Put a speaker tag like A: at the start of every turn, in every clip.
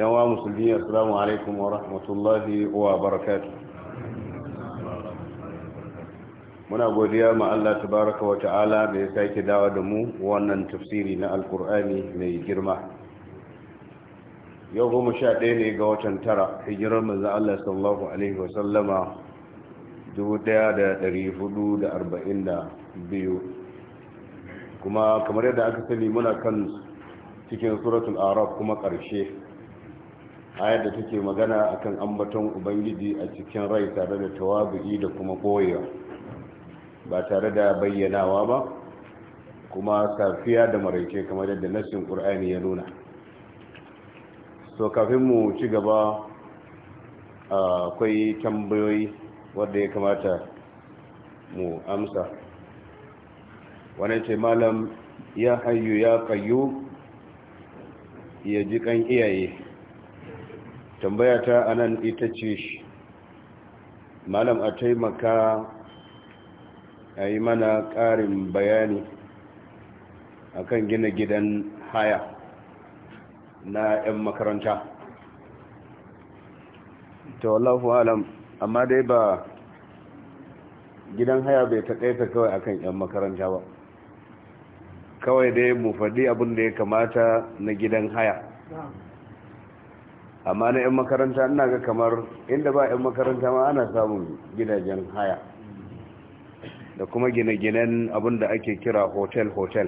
A: yawa musulmi assalamu alaikum wa rahmatullahi wa barakatu muna godiya ma Allah tabaraka wa ta'ala da ya sake dawo da mu wannan tafsiri na alkur'ani mai girma yau goma sha ɗaya ne ga watan tara hijirar manzo Allah sallallahu alaihi wa sallama dubu ɗaya da hudu da arba'in da biyu kuma kamar yadda aka sani muna kan cikin suratul araf kuma ƙarshe ayar da take magana akan ambaton ubangiji a cikin rai tare da tawabi da kuma koyewa ba tare da bayyanawa ba kuma safiya da maraice kamar yadda nasin ƙur'ani ya nuna so kafin mu ci gaba akwai tambayoyi wadda ya kamata mu amsa wani ce malam ya hayu ya kayu ya ji kan iyaye tambaya ta anan ita ce shi, malam a taimaka a yi mana ƙarin bayani akan gina gidan haya na 'yan makaranta ta wallafu alam amma dai ba gidan haya bai ta taƙaita kawai akan 'yan makaranta ba kawai dai mu faɗi abin da ya kamata na gidan haya amma na 'yan makaranta ina ga kamar inda ba 'yan makaranta ma ana samun gidajen haya da kuma gine-ginen abin da ake kira hotel-hotel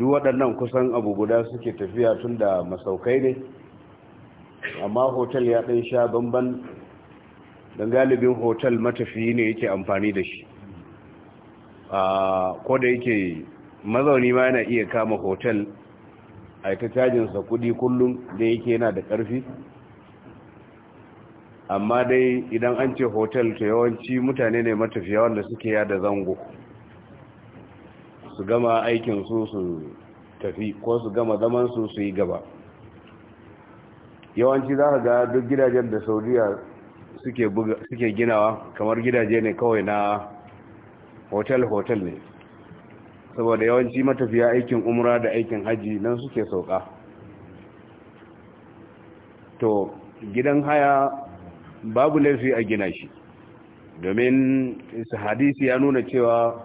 A: duk waɗannan kusan abu guda suke tafiya tun da masaukai ne amma hotel ya ɗan sha bamban don galibin hotel matafiyi ne yake amfani da shi ah, ko da yake mazauni ma yana iya kama hotel a ta cajinsa kudi kullum da yake yana da karfi amma dai idan an ce hotel ta yawanci mutane ne matafiya wanda suke yada zango su gama aikinsu su tafi ko su gama zamansu su yi gaba yawanci za ka ga duk gidajen da saudiya suke ginawa kamar gidaje ne kawai na hotel-hotel ne saboda yawanci matafiya aikin umra da aikin haji nan suke sauka to gidan haya babu laifi a gina shi domin hadisi ya nuna cewa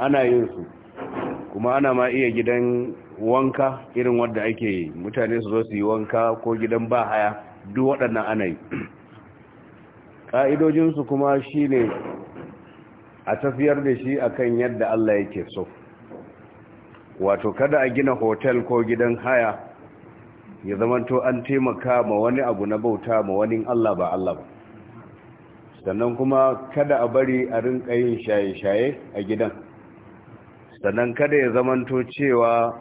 A: ana yin su kuma ana ma iya gidan wanka irin wadda ake mutane su zo su yi wanka ko gidan ba haya duk waɗannan ana yi ƙa'idojinsu kuma ne. a tafiyar da shi akan yadda Allah yake so wato kada a gina hotel ko gidan haya ya zamanto an taimaka ma wani abu na bauta ma wani Allah ba Allah ba sannan kuma kada a bari a rinka yin shaye-shaye a gidan sannan kada ya zamanto cewa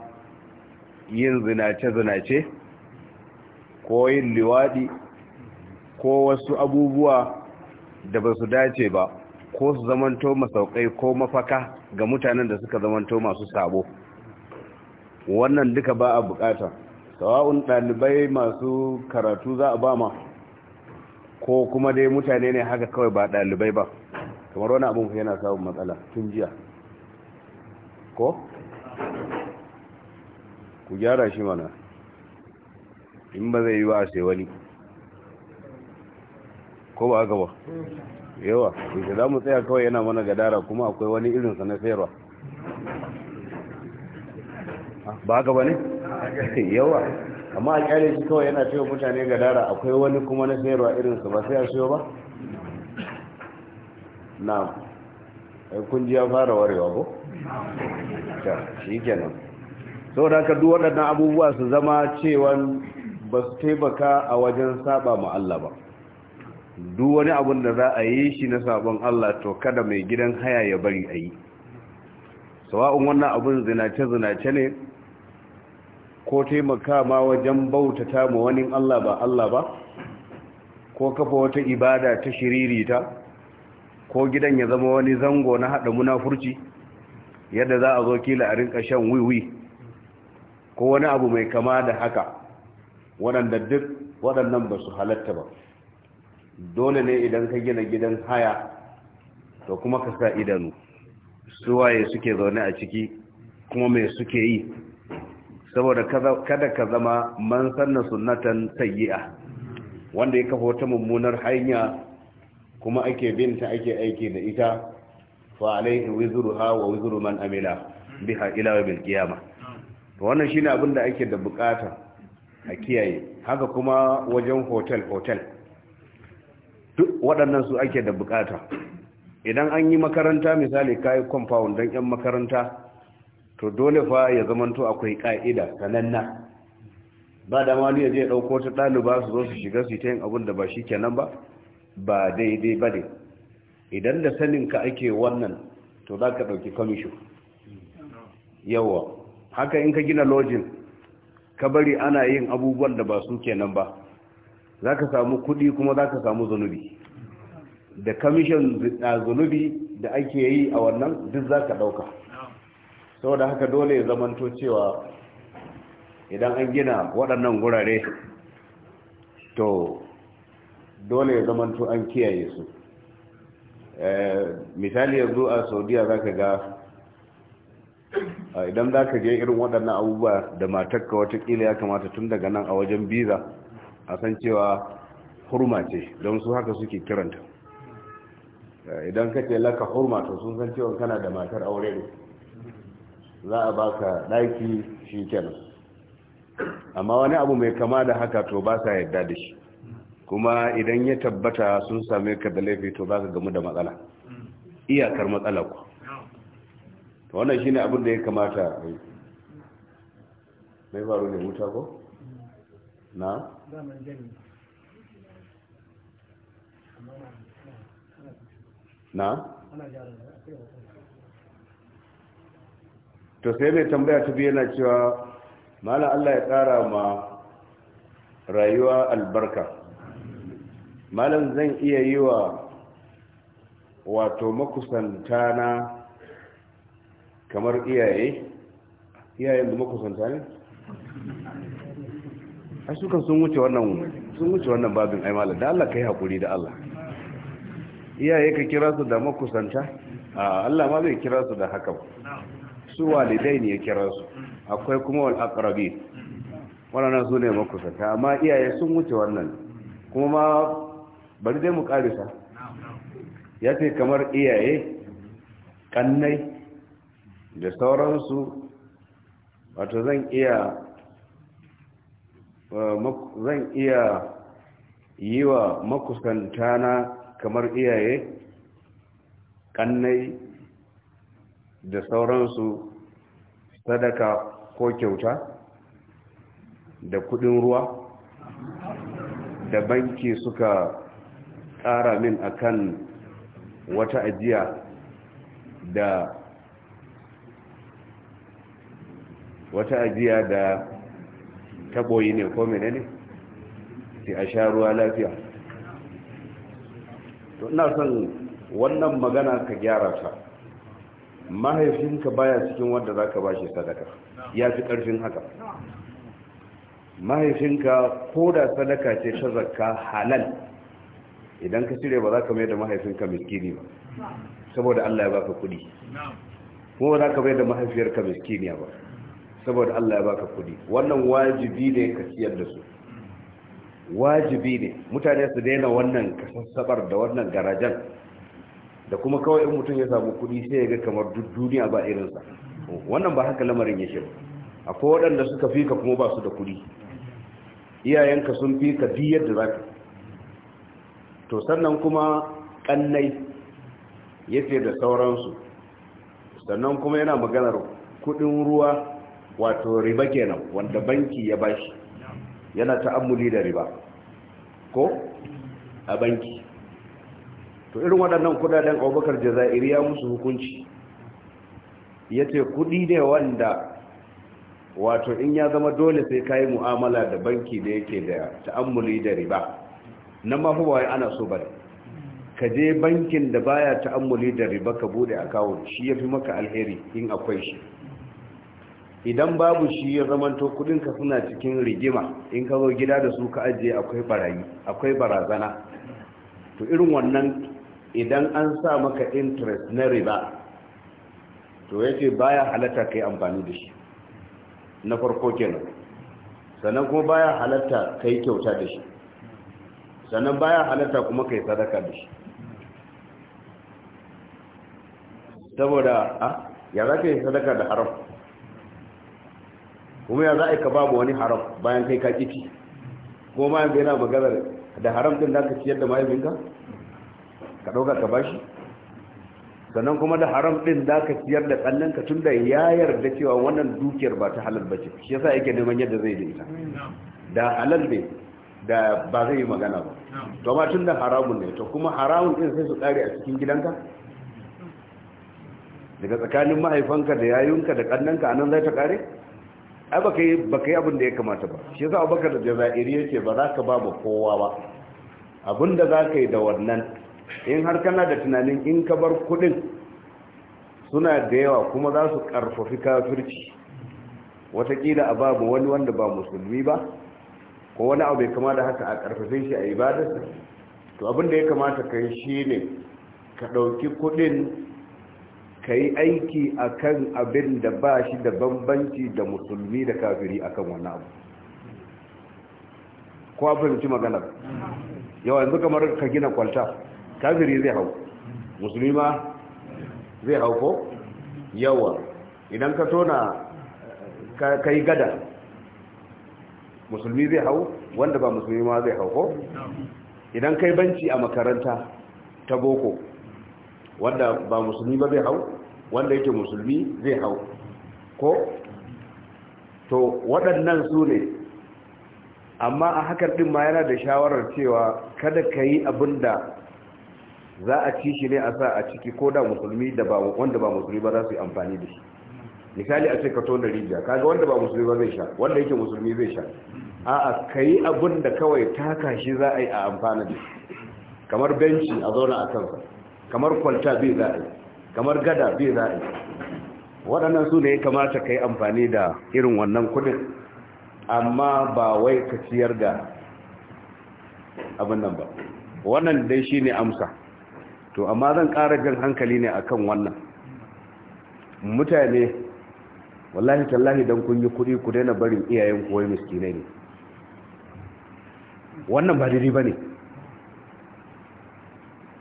A: yin zinace-zinace ko yin liwadi ko wasu abubuwa da ba su dace ba ko su zamanto masaukai ko mafaka ga mutanen da suka zamanto masu sabo wannan duka ba a bukata sawa'un ɗalibai masu karatu za a ba ma ko kuma dai mutane ne haka kawai ba ɗalibai ba kamar wani abin yana samun matsala tun jiya ko? ku gyara shi mana in ba zai yi ba a sai wani ko ba a ba yawa da za mu tsaya kawai yana mana gadara kuma akwai wani irinsa na sayarwa
B: ba haka ba ne? yawa amma a kyale shi kawai yana cewa
A: mutane gadara akwai wani kuma na sayarwa irinsa ba sai a siyo ba? na kun ji ya fara warewa ko? shi kenan sau da haka duk waɗannan abubuwa su zama cewa ba su taimaka a wajen saba ma Allah ba duk wani abin da za a yi shi na sabon Allah to kada mai gidan haya ya bari a yi sawa'un wannan abun zinace-zinace ne ko taimaka ma wajen bautata ma wani Allah ba Allah ba ko kafa wata ibada ta shiririta ko gidan ya zama wani zango na haɗa munafurci yadda za a zo kila a rinka shan wiwi ko wani abu mai kama da haka waɗanda duk waɗannan ba su halatta ba dole ne idan ka gina gidan haya to kuma ka sa idanu su waye suke zaune a ciki kuma mai suke yi saboda kada ka zama man sanna sunnatan sayyi'a wanda ya kafa wata mummunar hanya kuma ake binta ake aiki da ita fa alaihi wizruha wa wizru man amila biha ila yawmil qiyama to wannan shine abin da ake da bukata a kiyaye haka kuma wajen hotel hotel waɗannan su ake da bukata idan an yi makaranta misali kayi compound don 'yan makaranta to dole fa ya zamanto akwai ka'ida sananna ba da mani ya je ɗauko ta ɗaliba su zo su shiga su ta yin abin da ba shi kenan ba ba daidai ba ne idan da saninka ake wannan to za ka ɗauki kamishin yawa haka in ka gina lojin ka bari ana yin abubuwan da ba su kenan ba za ka samu kuɗi kuma za ka samu zunubi da kamishin zunubi da ake yi a wannan duk za ka ɗauka saboda haka dole ya zamanto cewa idan an gina waɗannan gurare to dole ya zamanto an kiyaye su eh, misali yanzu a saudiya za ka ga idan za ka je irin waɗannan abubuwa da matakka watakila ya kamata tun daga nan a wajen biza a san cewa hurma ce don su haka suke kiranta idan ka ce laka hurma to sun san cewa kana da matar aure ne za a baka ɗaki shi kenan amma wani abu mai kama da haka to ba sa yadda da shi kuma idan ya tabbata sun same ka da laifi to za ka gamu da matsala iyakar matsala ku wannan shine abin da ya kamata mai faru ne wuta ko na na? to sai mai tambaya ta biyu yana cewa mana Allah ya tsara ma rayuwa albarka malam zan iya yi wa wato makusantana kamar iyaye iyayen da makusanta a suka sun wuce wannan sun wuce wannan babin ai malam da Allah kai hakuri da Allah iyaye ka kira su da makusanta a Allah ma zai kira su da haka su walidai ne ya kira su akwai kuma wal aqrabi wannan su ne makusanta amma iyaye sun wuce wannan kuma ma bari dai mu karisa ya ce kamar iyaye kannai da sauransu wato zan iya zan iya yi wa makusantana kamar iyaye kannai da sauransu sadaka ko kyauta da kudin ruwa da banki suka tsara min akan wata ajiya da wata ajiya da taboyi ne ko menene sai a sha ruwa lafiya to ina son wannan magana ka gyara ta mahaifinka baya cikin wanda zaka bashi sadaka ya fi karfin haka mahaifinka ko da sadaka ce ta zakka halal idan ka cire ba za ka mai da mahaifinka miskini ba saboda Allah ya baka kuɗi kuma ba za ka mai da mahaifiyarka miskiniya ba saboda Allah ya baka kudi wannan wajibi ne ka siyar da su wajibi ne mutane su daina wannan kasassabar da wannan garajan da kuma kawai in mutum ya samu kudi sai ya ga kamar duk duniya ba irinsa wannan ba haka lamarin ya shiru akwai waɗanda suka fika ka kuma ba su da kudi iyayenka sun fi ka duk yadda za ka to sannan kuma ƙannai yake da sauransu sannan kuma yana maganar kudin ruwa wato riba kenan wanda banki ya bashi yana ta'ammuli da riba ko a banki to irin waɗannan kudaden abubakar jaza'iri ya musu hukunci ya ce kudi ne wanda wato in ya zama dole sai kayi mu'amala da banki da yake da ta'ammuli da riba nan ma fa ana so bane ka je bankin da baya ta'ammuli da riba ka bude kawo shi ya fi maka alheri in akwai shi idan babu shi ya zamanto kudinka suna cikin rigima in ka zo gida da su ka ajiye akwai barayi akwai barazana to irin wannan idan an sa maka interest na riba to ya ce baya halatta kai amfani da shi na farko kenan sannan kuma baya halatta ka yi kyauta da shi sannan baya halatta kuma ka yi sadaka da shi saboda a ah, ya za ka yi sadaka da haram kuma ya za a yi ka ba mu wani haram bayan kai ka ci? ko ma yanzu yana maganar da haram din da ka ciyar da binka ka ɗauka ka bashi sannan kuma da haram din da ka ciyar da tsallanka tun da ya yarda cewa wannan dukiyar ba ta halal bace shi yasa yake neman yadda zai da ita da halal ne da ba zai yi magana ba to ma tun da haramun ne to kuma haramun din sai su kare a cikin gidanka daga tsakanin mahaifanka da yayunka da kannanka anan zai ta kare ai baka yi baka yi abin da ya kamata ba shi yasa abubakar da jazairi yake ba za ka ba mu kowa ba abin da za ka yi da wannan in har kana da tunanin in ka bar kudin suna da yawa kuma za su karfafi kafirci watakila a babu wani wanda ba musulmi ba ko wani abu bai kama da haka a karfafe shi a ibadarsa to abin da ya kamata ka yi ne ka ɗauki kudin ka yi aiki a kan abin da ba shi da bambanci da musulmi da kafiri a kan wannan abu ko fahimci maganar yawa yanzu kamar ka gina kwalta kafiri zai hau musulmi ma zai hau ko yawa idan ka tona ka yi gada musulmi zai hau wanda ba musulmi ma zai hau ko idan ka yi banci a makaranta ta boko wanda ba musulmi ba zai hau wanda yake musulmi zai hau ko to waɗannan su ne amma a hakan ɗin ma yana da shawarar cewa kada ka yi abin da za a ci shi ne a sa a ciki ko da musulmi wanda ba musulmi ba za su yi amfani da shi misali a ce ka tona rijiya kaga wanda ba musulmi ba zai sha wanda yake musulmi zai sha a'a ka yi abin da kawai taka shi za a yi a amfani da shi kamar benci a zauna a kansa kamar kwalta bai za a yi kamar gada bai za a yi waɗannan su ne kamata ka yi amfani da irin wannan kudin amma ba wai ka ciyar da abin nan ba wannan dai shi ne amsa to amma zan ƙara jan hankali ne akan wannan mutane wallahi tallahi don kun yi kuɗi ku daina barin iyayen kowai miskinai ne wannan ba daidai ba ne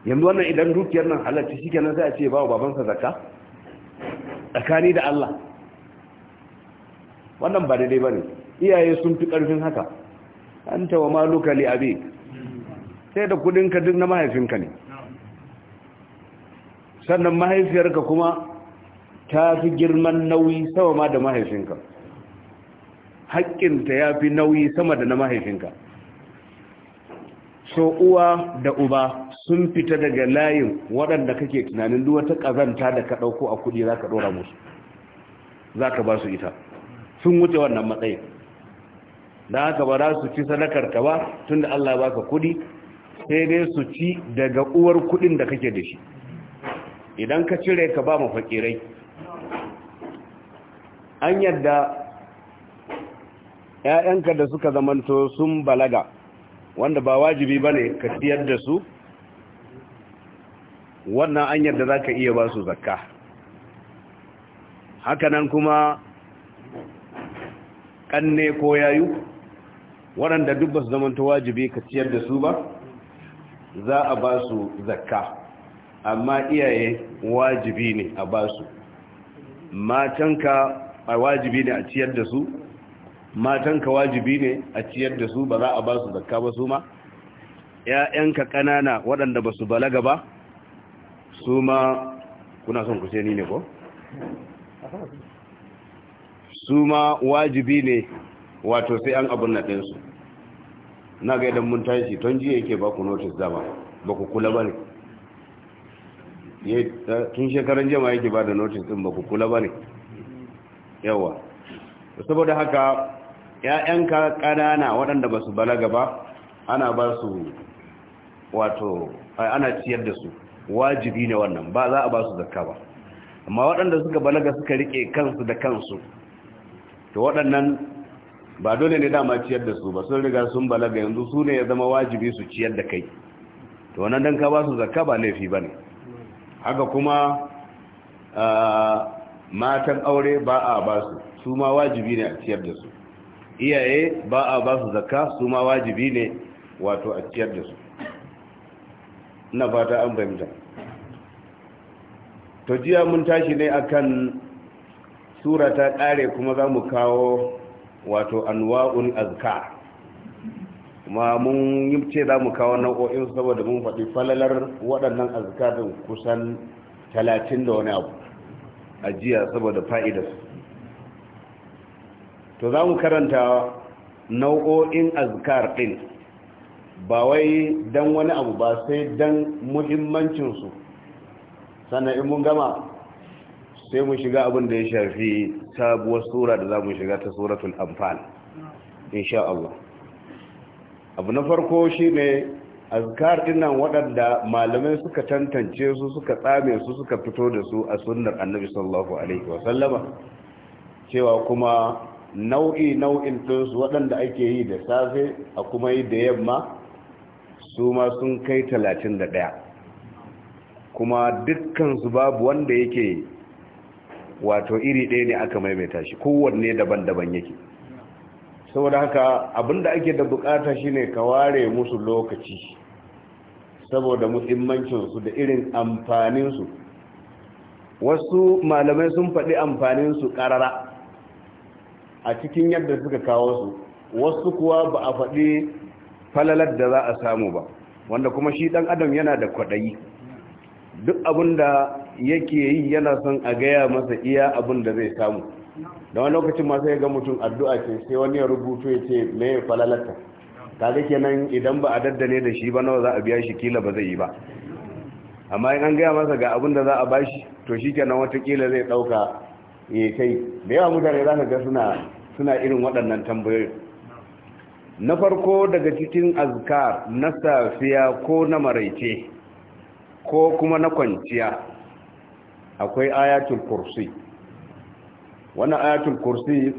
A: yanzu wannan idan dukiyar nan halarci shi kenan za a ce ba wa babansa zakka tsakani da Allah wannan ba daidai ba ne iyaye sun fi ƙarfin haka an tawa maluka li abi sai da kudinka duk na mahaifinka ne sannan mahaifiyarka kuma ta fi girman nauyi sama ma da mahaifinka haƙƙinta ya fi nauyi sama da na mahaifinka so uwa da uba sun fita daga layin waɗanda kake tunanin duwa wata ƙazanta da ka ɗauko a kuɗi za ka ɗora musu za ka ba su ita sun wuce wannan matsayin da haka ba za su ci sadakar ka ba tun da Allah ba ka kuɗi sai dai su ci daga uwar kuɗin da kake da shi idan ka cire ka ba mafaƙirai an yadda ‘ya'yanka da suka zamanto sun balaga wanda ba wajibi ba ne ka siyar da su wannan an yarda za ka iya ba su zakka hakanan kuma ƙanne ko yayu waɗanda duk ba su zamanta wajibi ka ciyar da su ba za a ba su zakka amma iyaye wajibi ne a ba su matanka a wajibi ne a ciyar da su matanka wajibi ne a ciyar da su ba za a ba su zakka ba su ma ‘ya'yanka ƙanana waɗanda ba su balaga ba su ma kuna son ku ni ne ko su ma wajibi ne wato sai an abin na ɗinsu na ga idan mun tashi ton jiya yake ba ku notice dama ba ku kula ba ne tun shekaran jama yake ba da notice ɗin ba ku kula ba ne yawa saboda haka 'ya'yanka ƙanana waɗanda ba su balaga ba ana ba su wato ana ciyar da su wajibi ne wannan ba za a ba su zakka ba amma waɗanda suka balaga suka rike kansu da kansu to waɗannan ba dole ne dama ciyar da su ba sun riga sun balaga yanzu su ne ya zama wajibi su ciyar da kai to wannan dan ka ba su zakka ba laifi ba ne haka kuma matan aure ba a ba su su ma wajibi ne a ciyar da su iyaye ba a ba su zakka su ma wajibi ne wato a ciyar da su na fata an fahimta to jiya mun tashi ne akan sura ta kare kuma za mu kawo wato anwa'un azkar kuma mun yi ce za mu kawo nau'o'in saboda mun faɗi falalar waɗannan din kusan talatin da wani abu a jiya saboda fa'idarsu to za mu karanta nau'o'in azkar ɗin ba wai dan wani abu ba sai dan muhimmancinsu sannan in mun gama sai mu shiga abin da ya shafi sabuwar sura da za mu shiga ta suratul amfan insha Allah abu na farko shine azkar dinnan waɗanda malamai suka tantance su suka tsame su suka fito da su a sunnar annabi sallallahu alaihi wasallama cewa kuma nau'i nau'in su waɗanda ake yi da safe a kuma yi da yamma su ma sun kai talatin da ɗaya kuma dukkansu babu wanda yake wato iri ɗaya ne aka maimaita shi kowanne daban-daban yake saboda haka abinda ake da bukata shine ka ware musu lokaci saboda muhimmancinsu da irin amfaninsu wasu malamai sun faɗi amfaninsu ƙarara a cikin yadda suka kawo su wasu kuwa ba a faɗi falalar da za a samu ba wanda kuma shi dan adam yana da kwaɗayi duk abinda yake yi yana son a gaya masa iya abin zai samu da wani lokacin masu ya ga mutum addu'a ce sai wani ya rubuto ya ce mai ta kaga kenan idan ba a daddane da shi ba nawa za a biya shi kila ba zai yi ba amma in an gaya masa ga abin da za a bashi to shi kenan watakila zai ɗauka ya kai da yawa mutane za ka ga suna irin waɗannan tambayoyin na farko daga cikin azkar na safiya ko na maraice ko kuma na kwanciya akwai ayatul kursi wannan ayatul kursi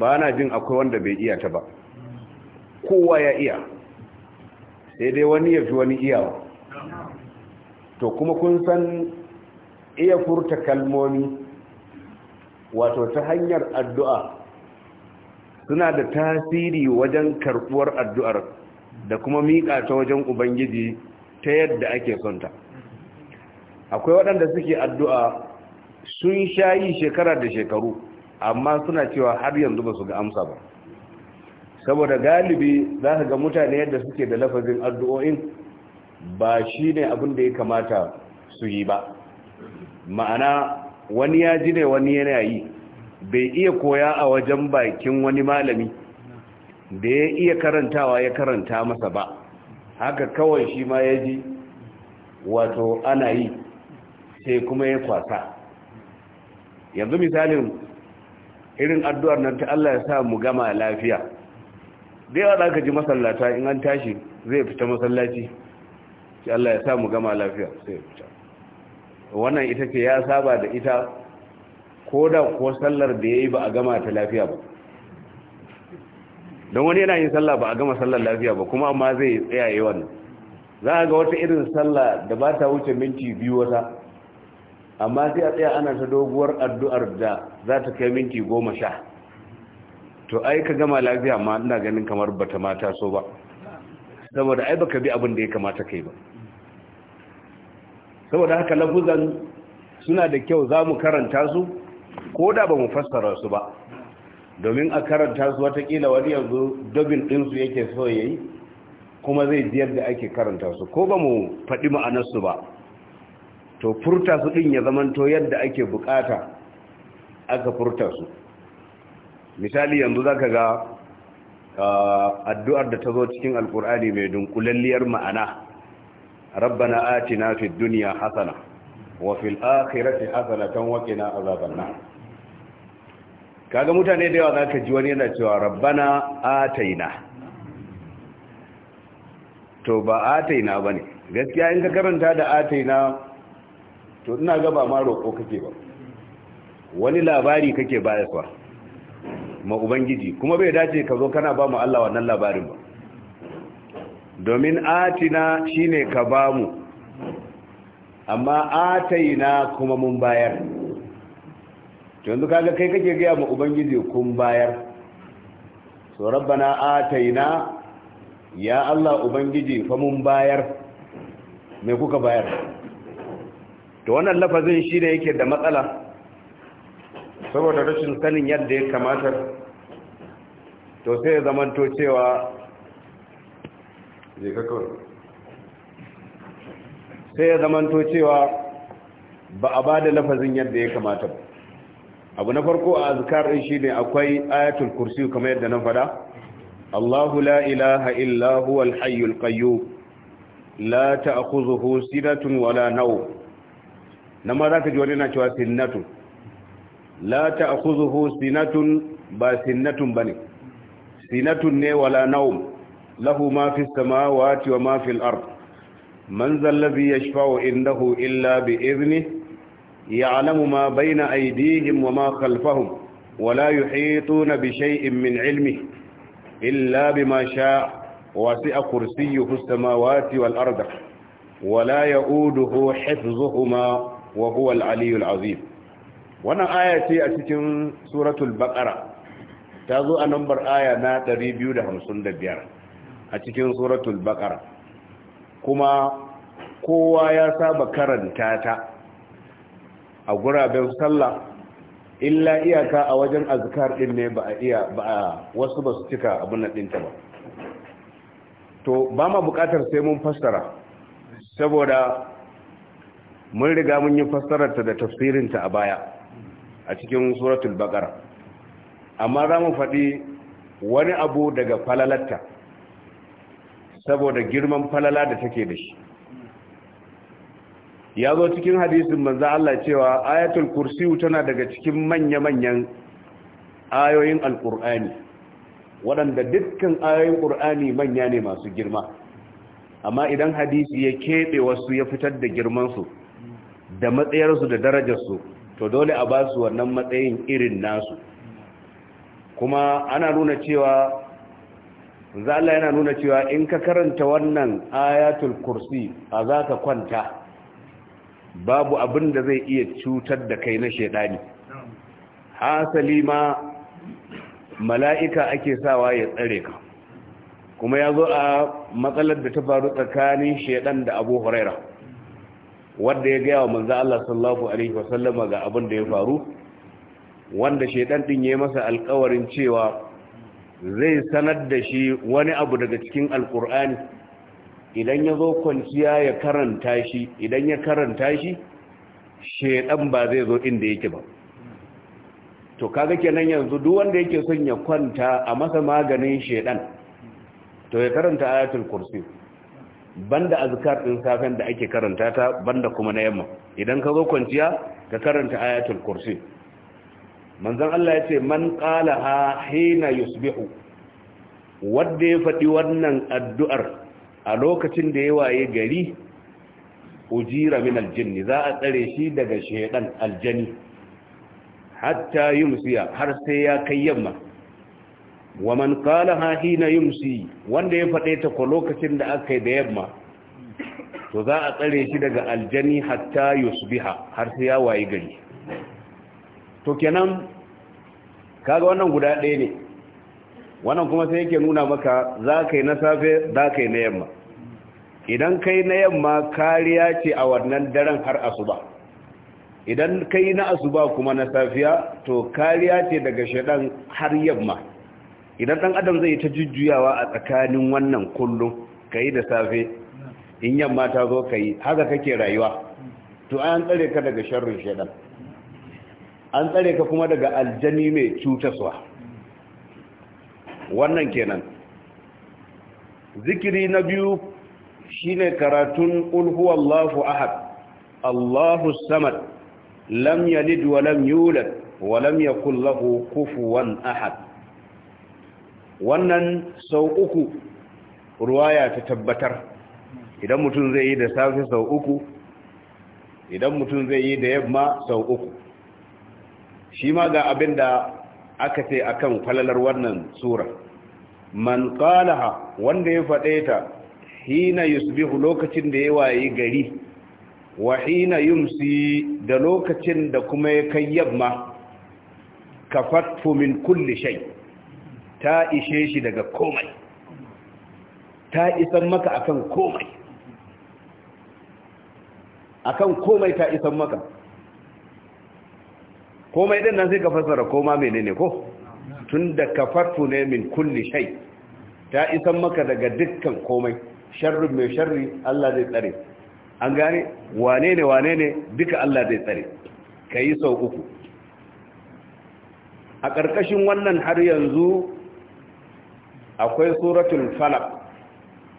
A: ba na jin akwai wanda bai iya ta ba kowa ya iya sai dai wani ya fi wani iyawa to kuma kun san iya furta kalmomi wato ta hanyar addu'a suna da tasiri wajen karbuwar addu'ar da kuma miƙa ta wajen ubangiji ta yadda ake sonta akwai waɗanda suke addu'a sun shayi shekara da shekaru amma suna cewa har yanzu ba su ga amsa ba saboda galibi za ka ga mutane yadda suke da lafazin addu'o'in ba shi ne abin da ya kamata su yi ba ma'ana wani ya ji ne wani yana yi bai iya koya a wajen bakin wani malami da ya iya karantawa ya karanta masa ba haka kawai shi ma ya ji wato ana yi sai kuma ya kwasa yanzu misalin irin addu'ar nan ta Allah ya sa mu gama lafiya da yawa ka ji masallata in an tashi zai fita masallaci Sai Allah ya sa mu gama lafiya sai ya fita wannan ita ce ya saba da ita ko da ko sallar da ya yi ba a gama ta lafiya ba don wani yana yin sallah ba a gama sallar lafiya ba kuma amma zai tsayaye wannan za a ga wata irin sallah da ba ta wuce minti biyu wata amma sai a tsaya ana ta doguwar addu'ar da za ta kai minti goma sha to ai ka gama lafiya ma ina ganin kamar ba ta mata so ba saboda ai ba ka bi abin da ya kamata kai ba saboda haka lafuzan suna da kyau za mu karanta su ko da ba mu fassara su ba domin a karanta su watakila wani yanzu dobin ɗinsu yake so ya yi kuma zai ji yadda ake karanta su ko ba mu faɗi ma'anarsu ba to furta su ɗin ya zamanto yadda ake bukata aka furta su misali yanzu za ka ga ah, addu'ar da ta zo cikin alkur'ani mai dunkulalliyar ma'ana rabbana atina fid duniya hasana wa fil akhirati hasanatan wa qina azaban kaga mutane da yawa za ka ji wani yana cewa rabbana ataina to ba ataina ba ne gaskiya in ka karanta da ataina to ina gaba ma roƙo kake ba wani labari kake kwa ma ubangiji kuma bai dace ka zo kana ba mu Allah wannan labarin ba domin atina shine ka ba mu amma ataina kuma mun bayar yanzu kaga kai kake gaya ma ubangiji kun bayar so rabbana ataina ya Allah ubangiji fa mun bayar me kuka bayar to wannan lafazin shi ne yake da matsala saboda rashin sanin yadda ya kamata to sai ya zamanto cewa zai sai ya zamanto cewa ba a ba da lafazin yadda ya kamata ba abu na farko a azkar shi ne akwai ayatul kursi kamar yadda na fada Allahu la ilaha illa huwal hayyul qayyum la ta'khudhuhu sinatun wala nawm nan ma zaka ji wani na cewa sinatun la ta'khudhuhu sinatun ba sinatun bane sinatun ne wala nawm lahu ma fis samawati wa ma fil ard man zal ladhi yashfa'u indahu illa bi idhnihi يعلم ما بين أيديهم وما خلفهم ولا يحيطون بشيء من علمه إلا بما شاء وسع كرسيه السماوات والأرض ولا يؤوده حفظهما وهو العلي العظيم وانا آية أتكن سورة البقرة تازو أنمبر آية ناتا ريبيو لهم سند بيار أتكن سورة البقرة كما kowa ya saba karanta ta a guraben sallah illa iyaka a wajen azkar din ne ba a iya ba a wasu ba su cika abin nan ba to ba ma buƙatar sai mun fassara saboda mun riga mun yi fassararta da tafsirin ta a baya a cikin suratul baqara amma za mu faɗi wani abu daga falalatta saboda girman falala da take da shi ya zo cikin hadisin manzo Allah cewa ayatul kursi tana daga cikin manya-manyan ayoyin alkur'ani waɗanda dukkan ayoyin ƙur'ani manya ne masu girma amma idan hadisi ya keɓe wasu ya fitar da girmansu da matsayarsu da darajarsu to dole a ba su wannan matsayin irin nasu kuma ana nuna cewa zala yana nuna cewa in ka karanta wannan ayatul kursi a za ka kwanta babu abin da zai iya cutar da kai na shaidani hasali ma mala'ika ake sawa ya tsare ka kuma ya zo a matsalar da ta faru tsakanin shaidan da abu huraira wanda ya gaya wa manzan Allah sallallahu alaihi wasallama ga abin da ya faru wanda shaidan din yi masa alkawarin cewa zai sanar da shi wani abu daga cikin alkur'ani idan ya zo kwanciya ya karanta shi idan ya karanta shi shedan ba zai zo inda yake ba to kaga kenan yanzu duk wanda yake son ya kwanta a masa maganin shedan to ya karanta ayatul kursi banda azkar din safen da ake karanta ta banda kuma na yamma idan ka zo kwanciya ka karanta ayatul kursi manzon Allah yace ce man qalaha hina yusbihu wanda ya faɗi wannan addu'ar a lokacin da ya waye gari ujira min aljinni za a tsare shi daga shaidan aljani hatta yumsiya har sai ya kai yamma wa man qalaha hina yumsi wanda ya fade ta ko lokacin da aka yi da yamma to za a tsare shi daga aljani hatta yusbiha har sai ya waye gari to kenan kaga wannan guda ɗaya ne wannan kuma sai yake nuna maka za ka yi na safe za ka yi na yamma idan kai na yamma kariya ce a wannan daren har asuba idan kai na asuba kuma na safiya to kariya ce daga shaɗan har yamma idan ɗan adam zai ta jujjuyawa a tsakanin wannan kullum ka yi da safe in yamma ta zo ka yi haka kake rayuwa to an tsare ka daga sharrin shaɗan an tsare ka kuma daga aljani mai cutaswa wannan kenan zikiri na biyu shine karatun qul huwallahu ahad Allahu samad lam yalid wa lam yulad wa lam yakul lahu kufuwan ahad wannan sau uku ruwaya ta tabbatar idan mutum zai yi da safe sau uku idan mutum zai yi da yamma sau uku shi ma ga abin da aka ce akan falalar wannan sura man qalaha wanda ya faɗe ta hina yusbihu lokacin da ya waye gari wa hina yumsi da lokacin da kuma ya kai yamma kafattu min kulli shay ta ishe shi daga komai ta isan maka akan komai akan komai ta isan maka komai din nan sai ka fassara koma menene ko tunda kafattu ne min kulli shay ta isan maka daga dukkan komai sharrin mai sharri Allah zai tsare an gane wane ne wane ne duka Allah zai tsare ka yi sau uku a ƙarƙashin wannan har yanzu akwai suratun falak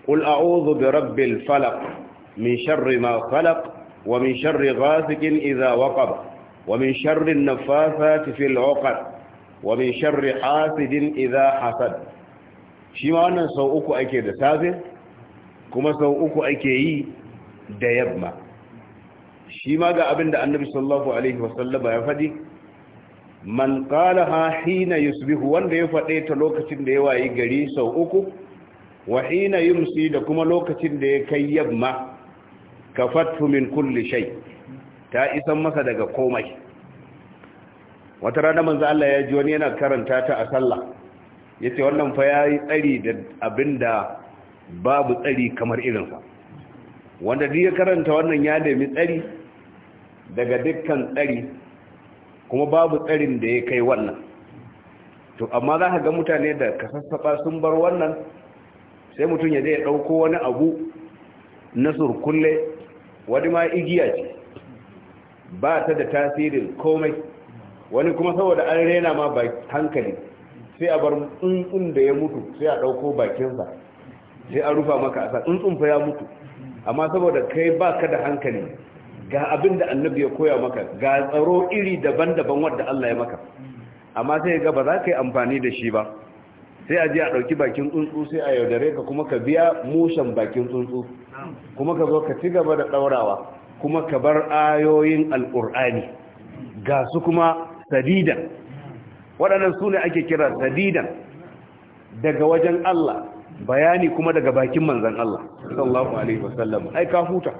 A: ƙul a'udhu bi rabbil falak min sharri ma falak wa min sharri ghasikin idza waƙar, wa min sharrin nafasa fil 'uqad wa min sharri hasidin idza hasad shi ma wannan sau uku ake da safe kuma sau uku ake yi da yamma shi ma ga abin da annabi sallallahu alaihi wasallama ya faɗi man qalaha hina yusbihu wanda ya faɗe ta lokacin da ya wayi gari sau uku wa hina yumsi da kuma lokacin da ya kai yamma kafatu min kulli shay ta isan masa daga komai wata rana manzo Allah ya ji wani yana karanta ta a sallah yace wannan fa yayi tsari da abinda babu tsari kamar irinsa wanda duk ya karanta wannan ya nemi tsari daga dukkan tsari kuma babu tsarin da ya kai wannan to amma za ka ga mutane da kasassaɓa sun bar wannan sai mutum ya zai ɗauko wani abu na surkulle wani ma igiya ce ba ta da tasirin komai wani kuma saboda an rena ma ba hankali sai a bar tsuntsun da ya mutu sai a ɗauko bakinsa sai an rufa maka asa tsuntsun fa ya mutu amma saboda kai baka da hankali ga abin da annabi ya koya maka ga tsaro iri daban-daban wadda Allah ya maka amma sai ga ba za ka yi amfani da shi ba sai a je a ɗauki bakin tsuntsu sai a yaudare ka kuma ka biya mushen bakin tsuntsu kuma ka zo ka ci gaba da ɗaurawa kuma ka bar ayoyin al'ur'ani ga su kuma sadidan waɗannan su ne ake kira sadidan daga wajen Allah bayani kuma daga bakin manzan Allah sallallahu alaihi wasallam ai ka huta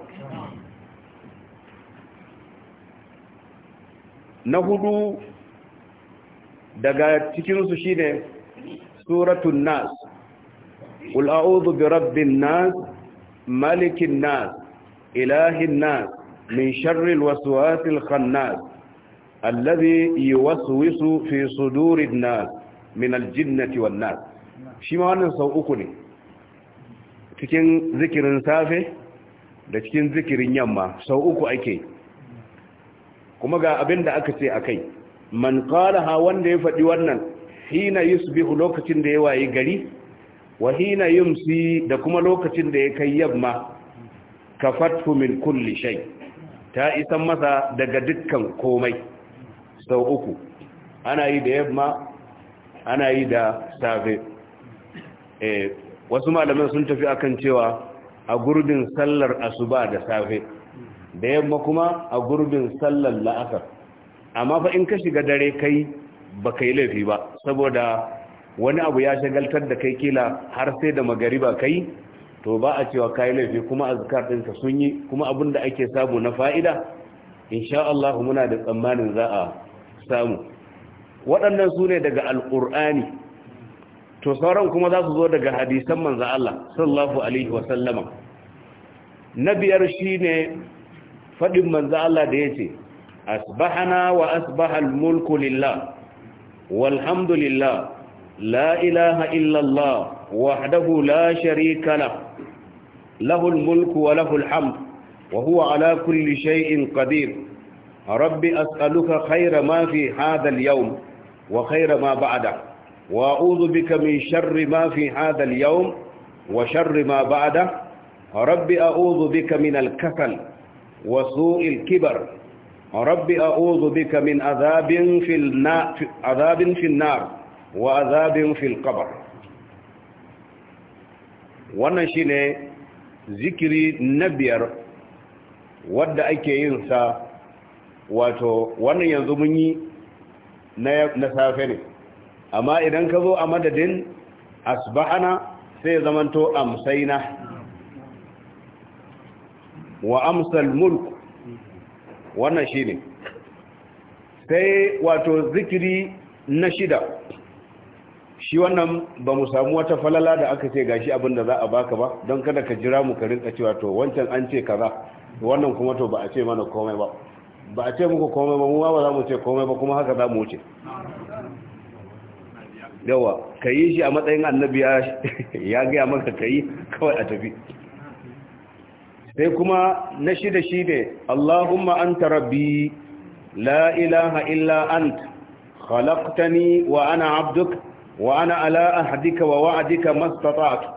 A: na hudu daga cikin su shine suratun nas a'udhu bi rabbin nas malikin nas ilahin nas min sharril waswasil khannas alladhi yuwaswisu fi sudurin nas min aljinnati wan nas shi ma wannan sau uku ne cikin zikirin safe da cikin zikirin yamma sau uku ake kuma ga abin da aka ce akai man qalaha wanda ya faɗi wannan hina yusbihu lokacin da ya wayi gari wa hina yumsi da kuma lokacin da ya kai yamma kafatu min kulli shay ta isan masa daga dukkan komai sau uku ana yi da yamma ana yi da safe Eh, wasu malaman sun tafi akan cewa a gurbin sallar asuba da safe da yamma kuma a gurbin sallar la'asar amma fa in ka shiga dare kai ba kai laifi ba saboda wani abu ya shagaltar da kai kila har sai da magariba kai to ba a cewa kai laifi kuma azkar ɗinka sun yi kuma abin da ake samu na fa'ida insha Allah muna da tsammanin za a samu waɗannan su ne daga alƙur'ani to sauran kuma za su zo daga hadisan manza Allah sallallahu alaihi wa sallama na biyar shine fadin manza Allah da yace asbahana wa asbahal mulku lillah walhamdulillah la ilaha illa Allah wahdahu la sharika lahu له الملك وله الحمد وهو على كل شيء قدير رب أسألك ma ما في هذا wa وخير ma بعده وأعوذ بك من شر ما في هذا اليوم وشر ما بعده رب أعوذ بك من الكسل وسوء الكبر رب أعوذ بك من عذاب في النار عذاب في النار وعذاب في القبر wannan shine zikiri na biyar wadda ake yin sa wato wannan yanzu mun yi na safe ne amma idan ka zo a madadin asbahana sai zamanto amsaina wa amsal mulk wannan shine sai wato zikiri na shida shi wannan ba mu samu wata falala da aka ce gashi abin da za a baka ba don kada ka jira mu ka rinka cewa to wancan an ce kaza wannan kuma to ba a ce mana komai ba ba a ce muku komai ba mu ba za mu ce komai ba kuma haka za mu wuce yawa ka yi shi a matsayin annabi ya gaya maka ka yi kawai a tafi sai kuma na shida shi ne Allahumma anta rabbi la ilaha illa anta khalaqtani wa ana abduk wa ana ala ahdika wa wa'adika mastata'tu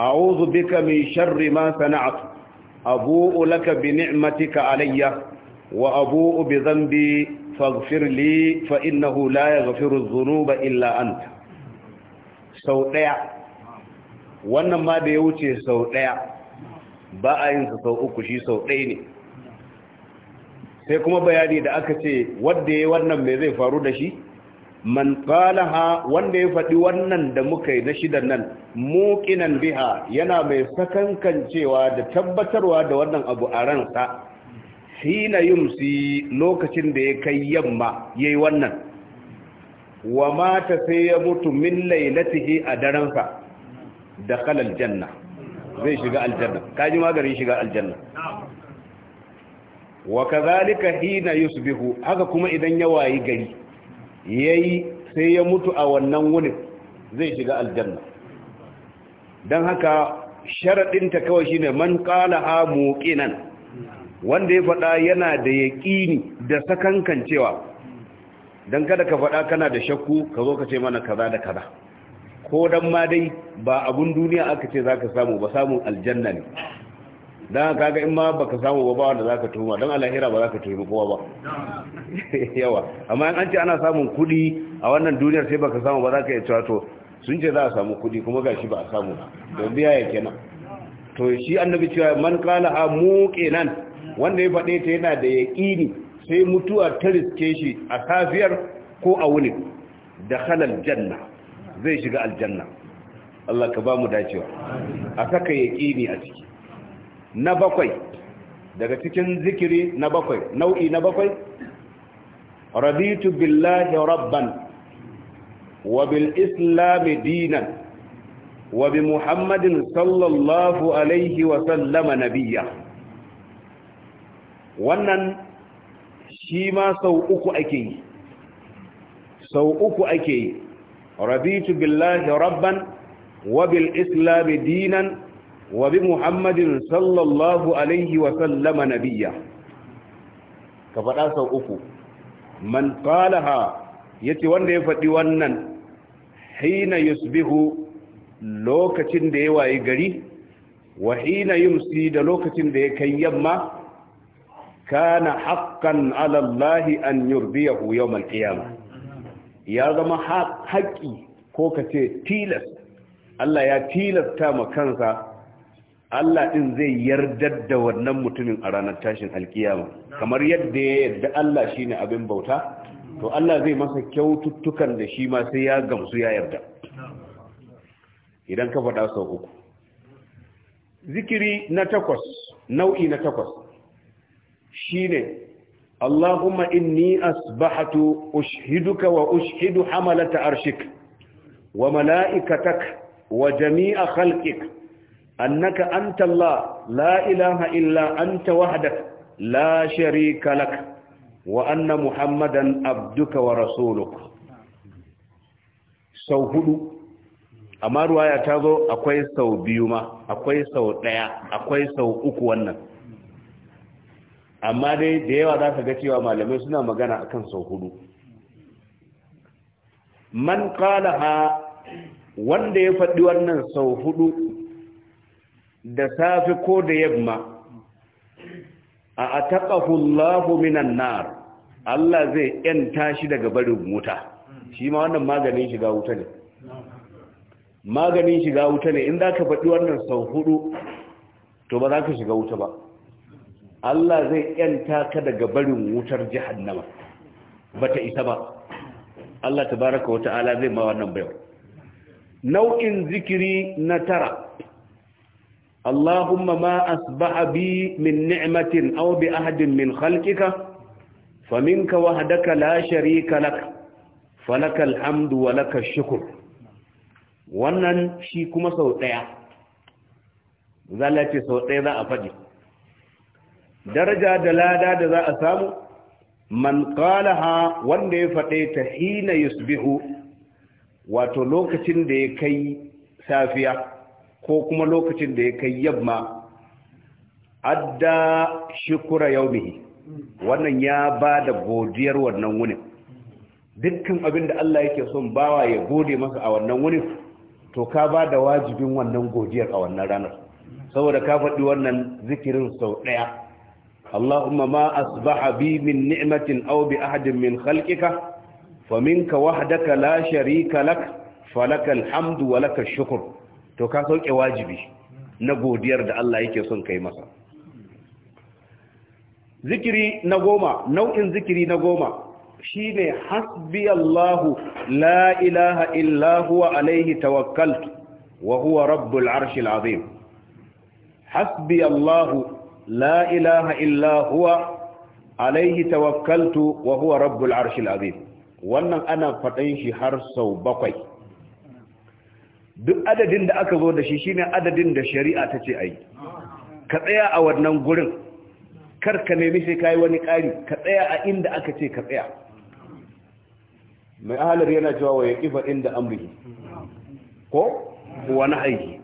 A: a'udhu bika min sharri ma sana'tu abu'u laka bi ni'matika alayya wa abu'u bi dhanbi faghfir li fa innahu la yaghfiru dhunuba illa anta sau daya wannan ma da ya wuce sau daya ba a yin sau uku shi sau daya ne sai kuma bayani da aka ce wanda yayi wannan me zai faru da shi man qalaha wanda ya faɗi wannan da muka yi na shidan nan muqinan biha yana mai sakankancewa da tabbatarwa da wannan abu a ransa hina yumsi lokacin da ya kai yamma yayi wannan wa mata sai ya mutu min lailatihi a daransa da kalal janna
B: zai shiga aljanna
A: kaji magarin shiga aljanna wa kazalika hina yusbihu haka kuma idan ya wayi gari yayi sai ya mutu a wannan wunin zai shiga aljanna dan haka sharadin ta kawai shine man qala ha muqinan wanda ya faɗa yana da yaƙini da sakankan cewa don kada ka faɗa kana da shakku ka zo ka ce mana kaza da kaza ko dan ma dai ba abun duniya aka ce za ka samu ba samun aljanna ne don kaga in ma ba ka samu ba ba wanda za ka tuhuma don alahira ba za ka tuhuma kowa ba yawa amma an ce ana samun kudi a wannan duniyar sai ka samu ba za ka yi cewa to sun ce za a samu kudi kuma gashi ba a samu ba biya ya kenan to shi annabi cewa man kala a muke nan. wanda ya faɗe ta yana da yaƙini sai mutuwa ta riske shi a safiyar ko a wuni da halal janna zai shiga aljanna Allah ka ba mu dacewa a saka yaƙini a ciki na bakwai daga cikin zikiri na bakwai nau'i na bakwai raditu billahi rabban wa bil islami dinan wa bi muhammadin sallallahu alaihi wa sallama nabiyya wannan shi ma sau uku ake yi sau uku ake yi rabitu billahi rabban wa bil islam dinan wa bi muhammadin sallallahu alaihi wa sallama nabiyya ka faɗa sau uku man qalaha yace wanda ya faɗi wannan hina yusbihu lokacin da ya wayi gari wa hina yumsi da lokacin da ya kai yamma kana haqqan ala Allah an yurdiyahu yawm al ya zama haƙƙi ko kace tilas Allah ya tilasta ma kansa Allah ɗin zai yardar da wannan mutumin a ranar tashin alkiyama kamar yadda ya yarda Allah shine abin bauta to Allah zai masa kyaututtukan da shi ma sai ya gamsu ya yarda idan ka faɗa sau uku zikiri na takwas nau'i na takwas shine Allahumma inni asbahatu ushiduka wa ushidu hamalata arshik wa malaikatak wa jami'a khalqik annaka anta Allah la ilaha illa anta wahdak la sharika lak wa anna muhammadan abduka wa rasuluk sau hudu amma ruwaya ta zo akwai sau biyu ma akwai sau daya akwai sau uku wannan amma dai da yawa za ka ga cewa malamai suna magana akan sau hudu man qalaha wanda ya faɗi wannan sau hudu da safe ko da yamma a taɓa hulahu minan nar Allah zai yanta shi daga barin wuta shi ma wannan maganin shiga wuta ne maganin shiga wuta ne in za ka faɗi wannan sau hudu to ba za ka shiga wuta ba Allah zai yanta ka daga barin wutar jahannama bata isa ba Allah tabaraka wa ta'ala zai ma wannan bayo nau'in zikiri na tara Allahumma ma asbaha bi min ni'matin aw bi ahadin min khalqika faminka wahdaka la sharika lak falaka alhamdu wa laka shukr wannan shi kuma sau daya ce sau daya za a faɗi daraja da lada da za a samu man qalaha wanda ya faɗe ta hina yusbihu wato lokacin da ya kai safiya ko kuma lokacin da ya kai yamma adda shukura yaumihi wannan ya ba da godiyar wannan wunin dukkan abin da Allah yake son bawa ya gode masa a wannan wunin to ka ba da wajibin wannan godiyar a wannan ranar saboda ka faɗi wannan zikirin sau ɗaya اللهم ما أصبح بي من نعمة أو بأحد من خلقك فمنك وحدك لا شريك لك فلك الحمد ولك الشكر to ka sauke wajibi na godiyar da Allah yake son kai masa zikiri na goma nau'in zikiri na goma shine hasbi Allahu la ilaha illa huwa alaihi tawakkaltu Wahuwa huwa rabbul arshil azim hasbi Allahu la ilaha illa huwa alaihi tawakkaltu wa huwa rabbul arshil azim wannan ana faɗan shi har sau bakwai duk adadin da aka zo da shi shine adadin da shari'a ta ce ai ka tsaya a wannan gurin kar ka nemi sai kai wani ƙari ka tsaya a inda aka ce ka tsaya mai ahalar yana cewa wa yaqifa inda amrihi ko wani aiki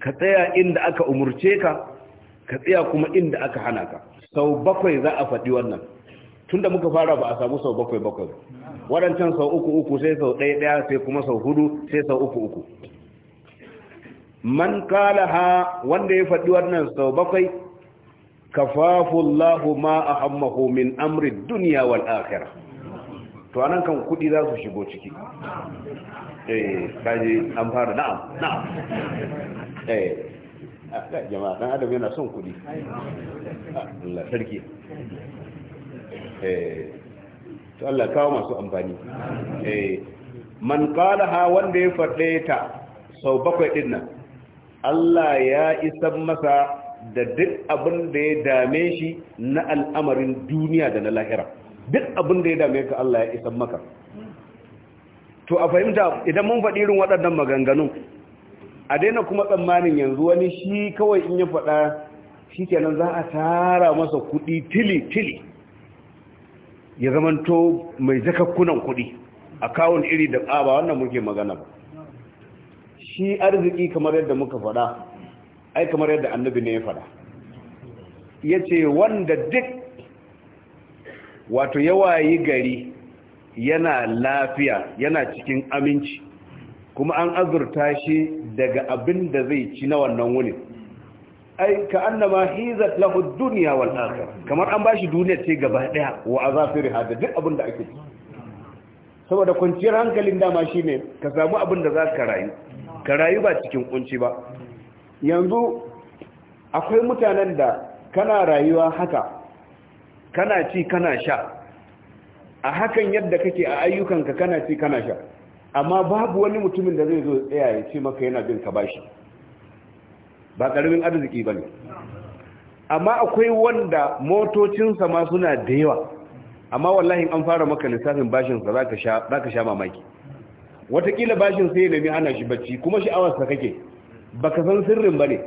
A: ka tsaya inda aka umurce ka ka tsaya kuma inda aka hana ka sau bakwai za a faɗi wannan tunda muka fara ba a samu sau bakwai bakwai waɗancan sau uku uku sai sau ɗaya ɗaya sai kuma sau hudu sai sau uku uku man kala ha wanda ya faɗi wannan sau bakwai kafafullahu ma a ahammahu min amri duniya wal akhirah to anan kan kuɗi za su shigo ciki
B: eh kaji an fara na'am na'am
A: eh jama'a dan adam yana son kuɗi Allah sarki eh, to Allah kawo masu amfani eh, man qalaha wanda ya faɗe ta sau bakwai din nan Allah ya isan masa da duk abin da ya dame shi na al'amarin duniya da na lahira duk abin da ya dame ka Allah ya isan maka to a fahimta idan mun faɗi irin waɗannan maganganun a daina kuma tsammanin yanzu wani shi kawai in ya faɗa shi kenan za a tara masa kuɗi tili-tili ya zamanto mai zakakkunan kuɗi a kawon iri da ƙaba. wannan muke magana ba shi arziki kamar yadda muka faɗa ai kamar yadda annabi ne ya faɗa ya ce wanda duk wato yawayi gari yana lafiya yana cikin aminci kuma an azurta shi daga abin da zai ci na wannan wuni ai ka annama hizat lahu dunya wal akhir kamar an bashi duniya ce gaba daya wa azafir hada duk abin da ake saboda kwanciyar hankalin dama shine ka samu abin da za ka rayu ka rayu ba cikin kunci ba yanzu akwai mutanen da kana rayuwa haka kana ci kana sha a hakan yadda kake a ayyukanka kana ci kana sha amma babu wani mutumin da zai zo tsaya ya ce maka yana bin ka bashi ba ƙaramin arziki ba ne amma akwai wanda motocinsa ma suna da yawa amma wallahi an fara maka lissafin bashinsa za ka sha mamaki watakila bashin sai ya nemi ana shi bacci kuma sha'awarsa kake baka san sirrin ba ne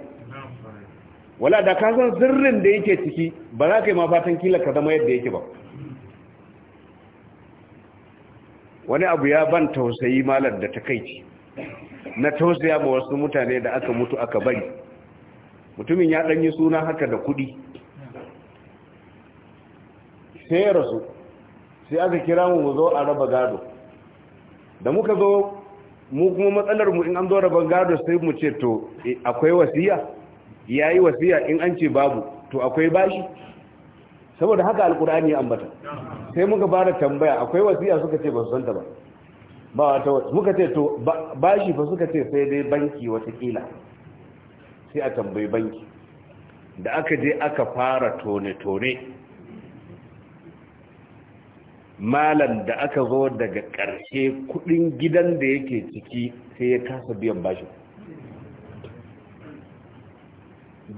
A: wala da ka san sirrin da yake ciki ba za ka yi ma fatan kila ka zama yadda yake ba wani abu ya ban tausayi malar da ta takaici na tausaya ma wasu mutane da aka mutu aka bari mutumin ya danyi suna haka da kuɗi. sai ya rasu sai aka kira mu mu zo a raba gado da muka zo mu kuma matsalar mu in an zo raba gado sai mu ce to e, akwai wasiya yi wasiya in an ce babu to akwai bashi saboda haka alkur'ani ambata sai muka da tambaya akwai wasiya suka ce ba su santa ba ba wata muka ce to bashi ba suka ce sai dai banki watakila sai a tambayi banki da aka je aka fara tone-tone malam da aka zo daga ƙarshe kudin gidan da yake ciki sai ya kasa biyan bashi.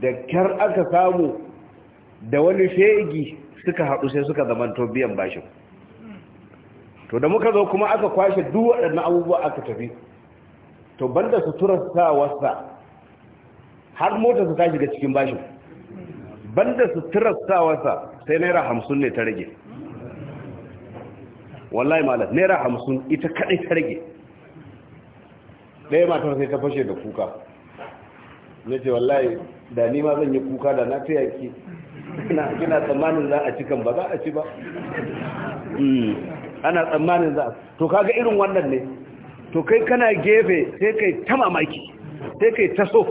A: da kyar aka samu da wani shegi suka haɗu sai suka zamanto biyan bashin to da muka zo kuma aka kwashe duk waɗannan abubuwa aka tafi to banda suturar sa wasa har mota su ta shiga cikin bashin banda suturar sa wasa sai naira hamsin ne ta rage wallahi malam naira hamsin ita kaɗai ta rage ɗaya matar sai ta fashe da kuka na ce wallahi da ni ma zan yi kuka da na taya ki kina tsammanin za a ci kan ba za a ci ba hmm. ana tsammanin za to kaga irin wannan ne to kai kana gefe sai kai ta mamaki sai kai ta so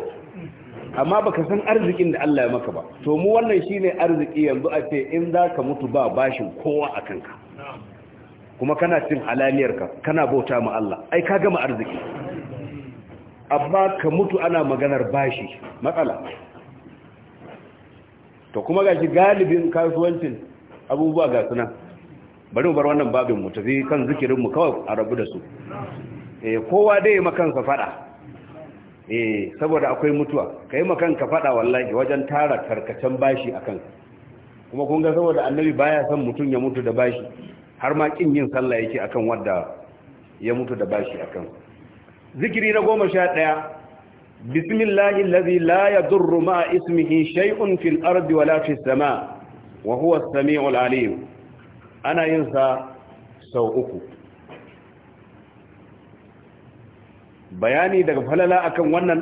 A: amma baka san arzikin da Allah ya maka ba to mu wannan shine arziki yanzu a ce in za ka mutu ba bashin kowa a kanka kuma kana cin halaliyarka kana bauta ma Allah ai ka gama arziki amma ka mutu ana maganar bashi matsala to kuma ga shi galibin kasuwancin abubuwa ga suna bari mu bar wannan babin mu tafi kan zikirin mu kawai a rabu da su eh kowa dai makansa fada eh saboda akwai mutuwa kai makanka fada wallahi wajen tara karkacen bashi akan kuma kun ga saboda annabi baya son mutun ya mutu da bashi har ma kin yin sallah yake akan wanda ya mutu da bashi akan zikiri na 11 بسم الله الذي لا يضر مع اسمه شيء في الأرض ولا في السماء وهو السميع العليم أنا ينسى bayani daga falala akan wannan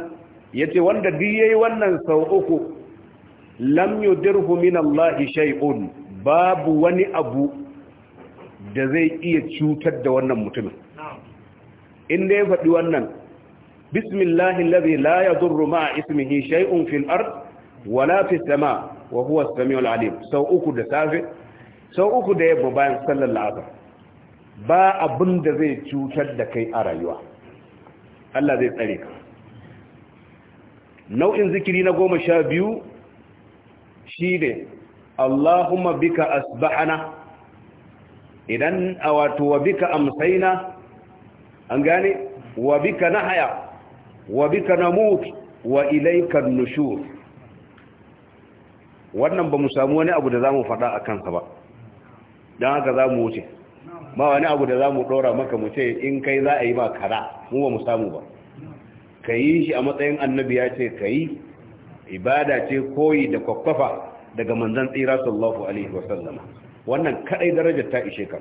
A: yace wanda duk yayi wannan sau uku lam yudirhu min Allah shay'un babu wani abu da zai iya cutar da wannan mutumin in dai faɗi wannan بسم الله الذي لا يضر مع اسمه شيء في الأرض ولا في السماء وهو السميع العليم سو أكو دسافة سو أكو ديب مباين صلى الله عليه وسلم ba abin da zai cutar da kai a rayuwa Allah zai tsare ka nau'in zikiri na goma sha biyu shi ne Allahumma bika asbahana idan a wato bika amsaina an gane wa bika nahaya wa bika namut wa ilayka an-nushur wannan ba mu samu wani abu da zamu faɗa a kansa ba dan haka zamu wuce ba wani abu da zamu dora maka mu ce in kai za a yi ba kara mu ba mu samu ba kai shi a matsayin annabi ya ce kai ibada ce koyi da kwakwafa daga manzon tsira sallallahu alaihi Sallama. wannan kadai darajar ta ishe ka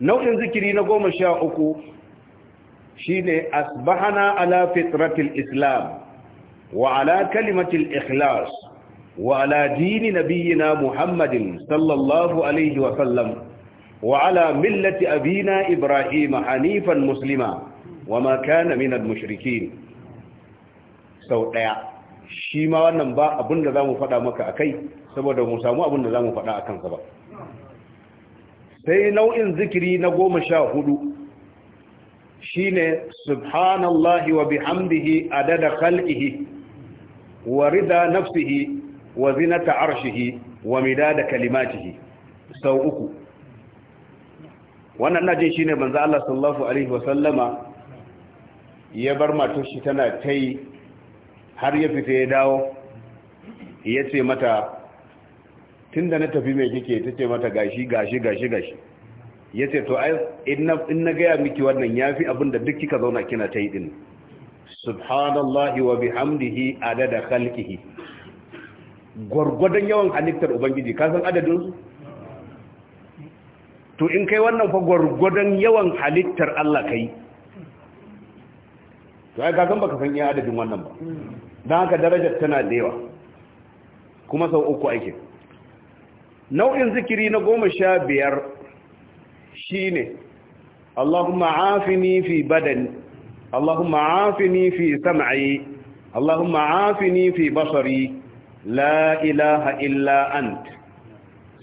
A: nau'in zikiri na goma sha uku shine asbahana ala fitratil islam wa ala kalimatil ikhlas wa ala dini nabiyyina muhammadin sallallahu alaihi wa sallam wa ala millati abina ibrahim hanifan muslima wa ma kana minal mushrikin sau daya shi ma wannan ba abin da za mu faɗa maka a kai saboda mu samu abin da za mu faɗa a kansa ba sai nau'in zikiri na goma sha hudu shine subhanallahi wa bihamdihi adada khalqihi wa rida nafsihi wa zinata arshihi wa midada kalimatihi sau uku wannan najin shine manzo Allah sallallahu alaihi wa sallama ya bar matar shi tana tai har ya fita ya dawo ya ce mata tunda na tafi mai kike tace mata gashi gashi gashi gashi ya ce to ai in na gaya miki wannan ya fi abin da duk kika zauna kina ta yi din subhanallahi wa bihamdihi adada khalqihi gwargwadon yawan halittar ubangiji ka san adadin su to in kai wannan fa gwargwadon yawan halittar Allah kai to ai ka san baka san iya adadin wannan ba dan haka darajar tana da yawa kuma sau uku ake nau'in zikiri na goma sha biyar shine Allahumma afini fi badani Allahumma afini fi sam'i Allahumma afini fi basari la ilaha illa ant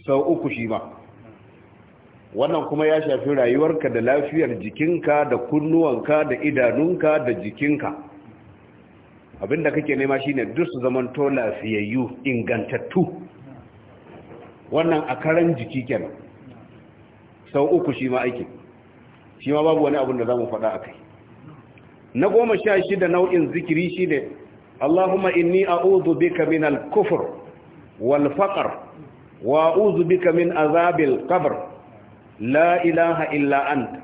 A: sau uku shi ma wannan kuma ya shafi rayuwarka da lafiyar jikinka da kunnuwanka da idanunka da jikinka abinda kake nema shine duk su zaman to lafiyayyu ingantattu wannan a karan jiki kenan sau uku shi ma aikin shi ma babu wani abin da za mu faɗa a kai na goma sha shida nau'in zikiri shi ne allahumma inni uzu bika min al kufur wal wa uzu bika min azabil qabr la ilaha illa anta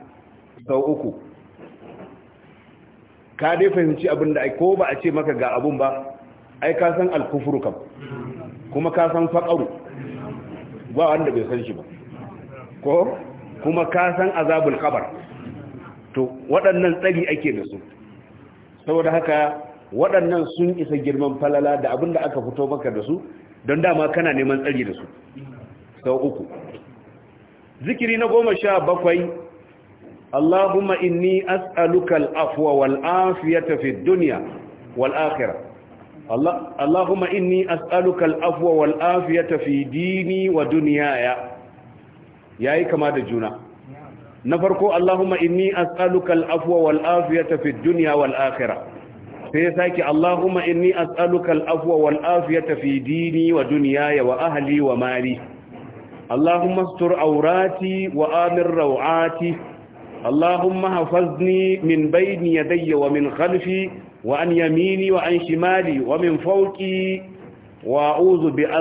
A: sau uku ka dai fahimci abin da ko ba a ce maka ga abun ba ai ka san al-kufru kam kuma ka san faqaru ba wanda bai san shi ba ko kuma ka san azabul kabar to waɗannan tsari ake da su saboda haka waɗannan sun isa girman falala da abin da aka fito maka da su don dama kana neman tsari da su sau uku zikiri na goma sha bakwai allahumma inni asalukal al'afwa wal afiyata fi duniya wal akhirah allahumma inni asalukal al'afwa wal afiyata fi dini wa duniyaya. yayi kama da juna na farko Allahumma inni as'aluka al-afwa wal afiyata fid dunya wal akhirah sai ya saki Allahumma inni as'aluka al-afwa wal afiyata fi dini wa dunyaya wa ahli wa mali Allahumma astur awrati wa amir rawati اللهم حفظني من بين يدي ومن خلفي وعن يميني وعن شمالي ومن فوقي وأعوذ wa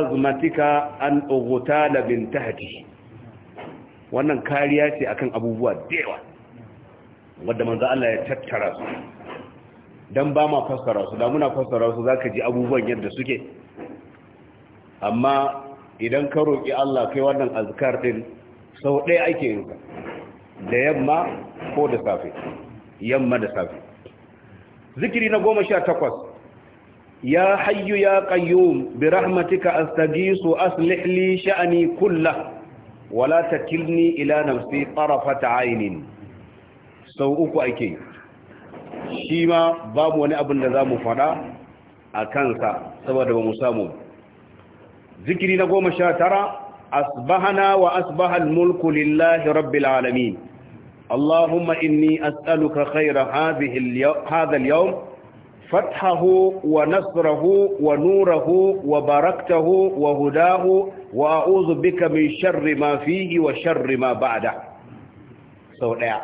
A: أن أغتال من a'udhu wannan kariya ce akan abubuwa da yawa wadda manzo Allah ya tattara su dan ba ma fassara su da muna fassara su zaka ji abubuwan yadda suke amma idan ka roki Allah kai wannan azkar din sau ɗaya ake yin ka da yamma ko da safe yamma da safe zikiri na goma sha takwas ya hayyu ya qayyum bi rahmatika astaghiithu aslih li sha'ani kullahu wala takilni ila nafsi tarafata ainin sau uku ake shi ma babu wani abin da za mu faɗa a kansa saboda ba mu samu zikiri na goma sha tara asbahana wa asbahal mulku lillahi rabbil alamin اللهم إني أسألك خير هذه wa هذا اليوم فتحه ونصره ونوره وبركته وهداه واعوذ بك من شر ما فيه وشر ما بعده سو ديا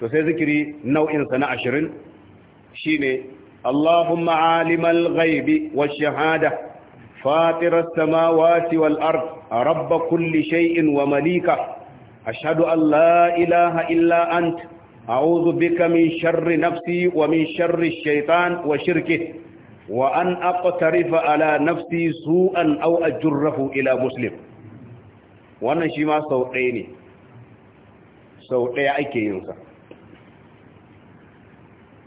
A: تو سي ذكري نوع انسان 20 شيني اللهم عالم الغيب والشهاده فاطر السماوات والارض رب كل شيء ومليكه اشهد ان لا اله الا انت اعوذ بك من شر نفسي ومن شر الشيطان وشركه wa an aqtarifa ala nafsi su'an aw ajrahu ila muslim wannan shi ma sau ɗaya ne sau ɗaya ake yin sa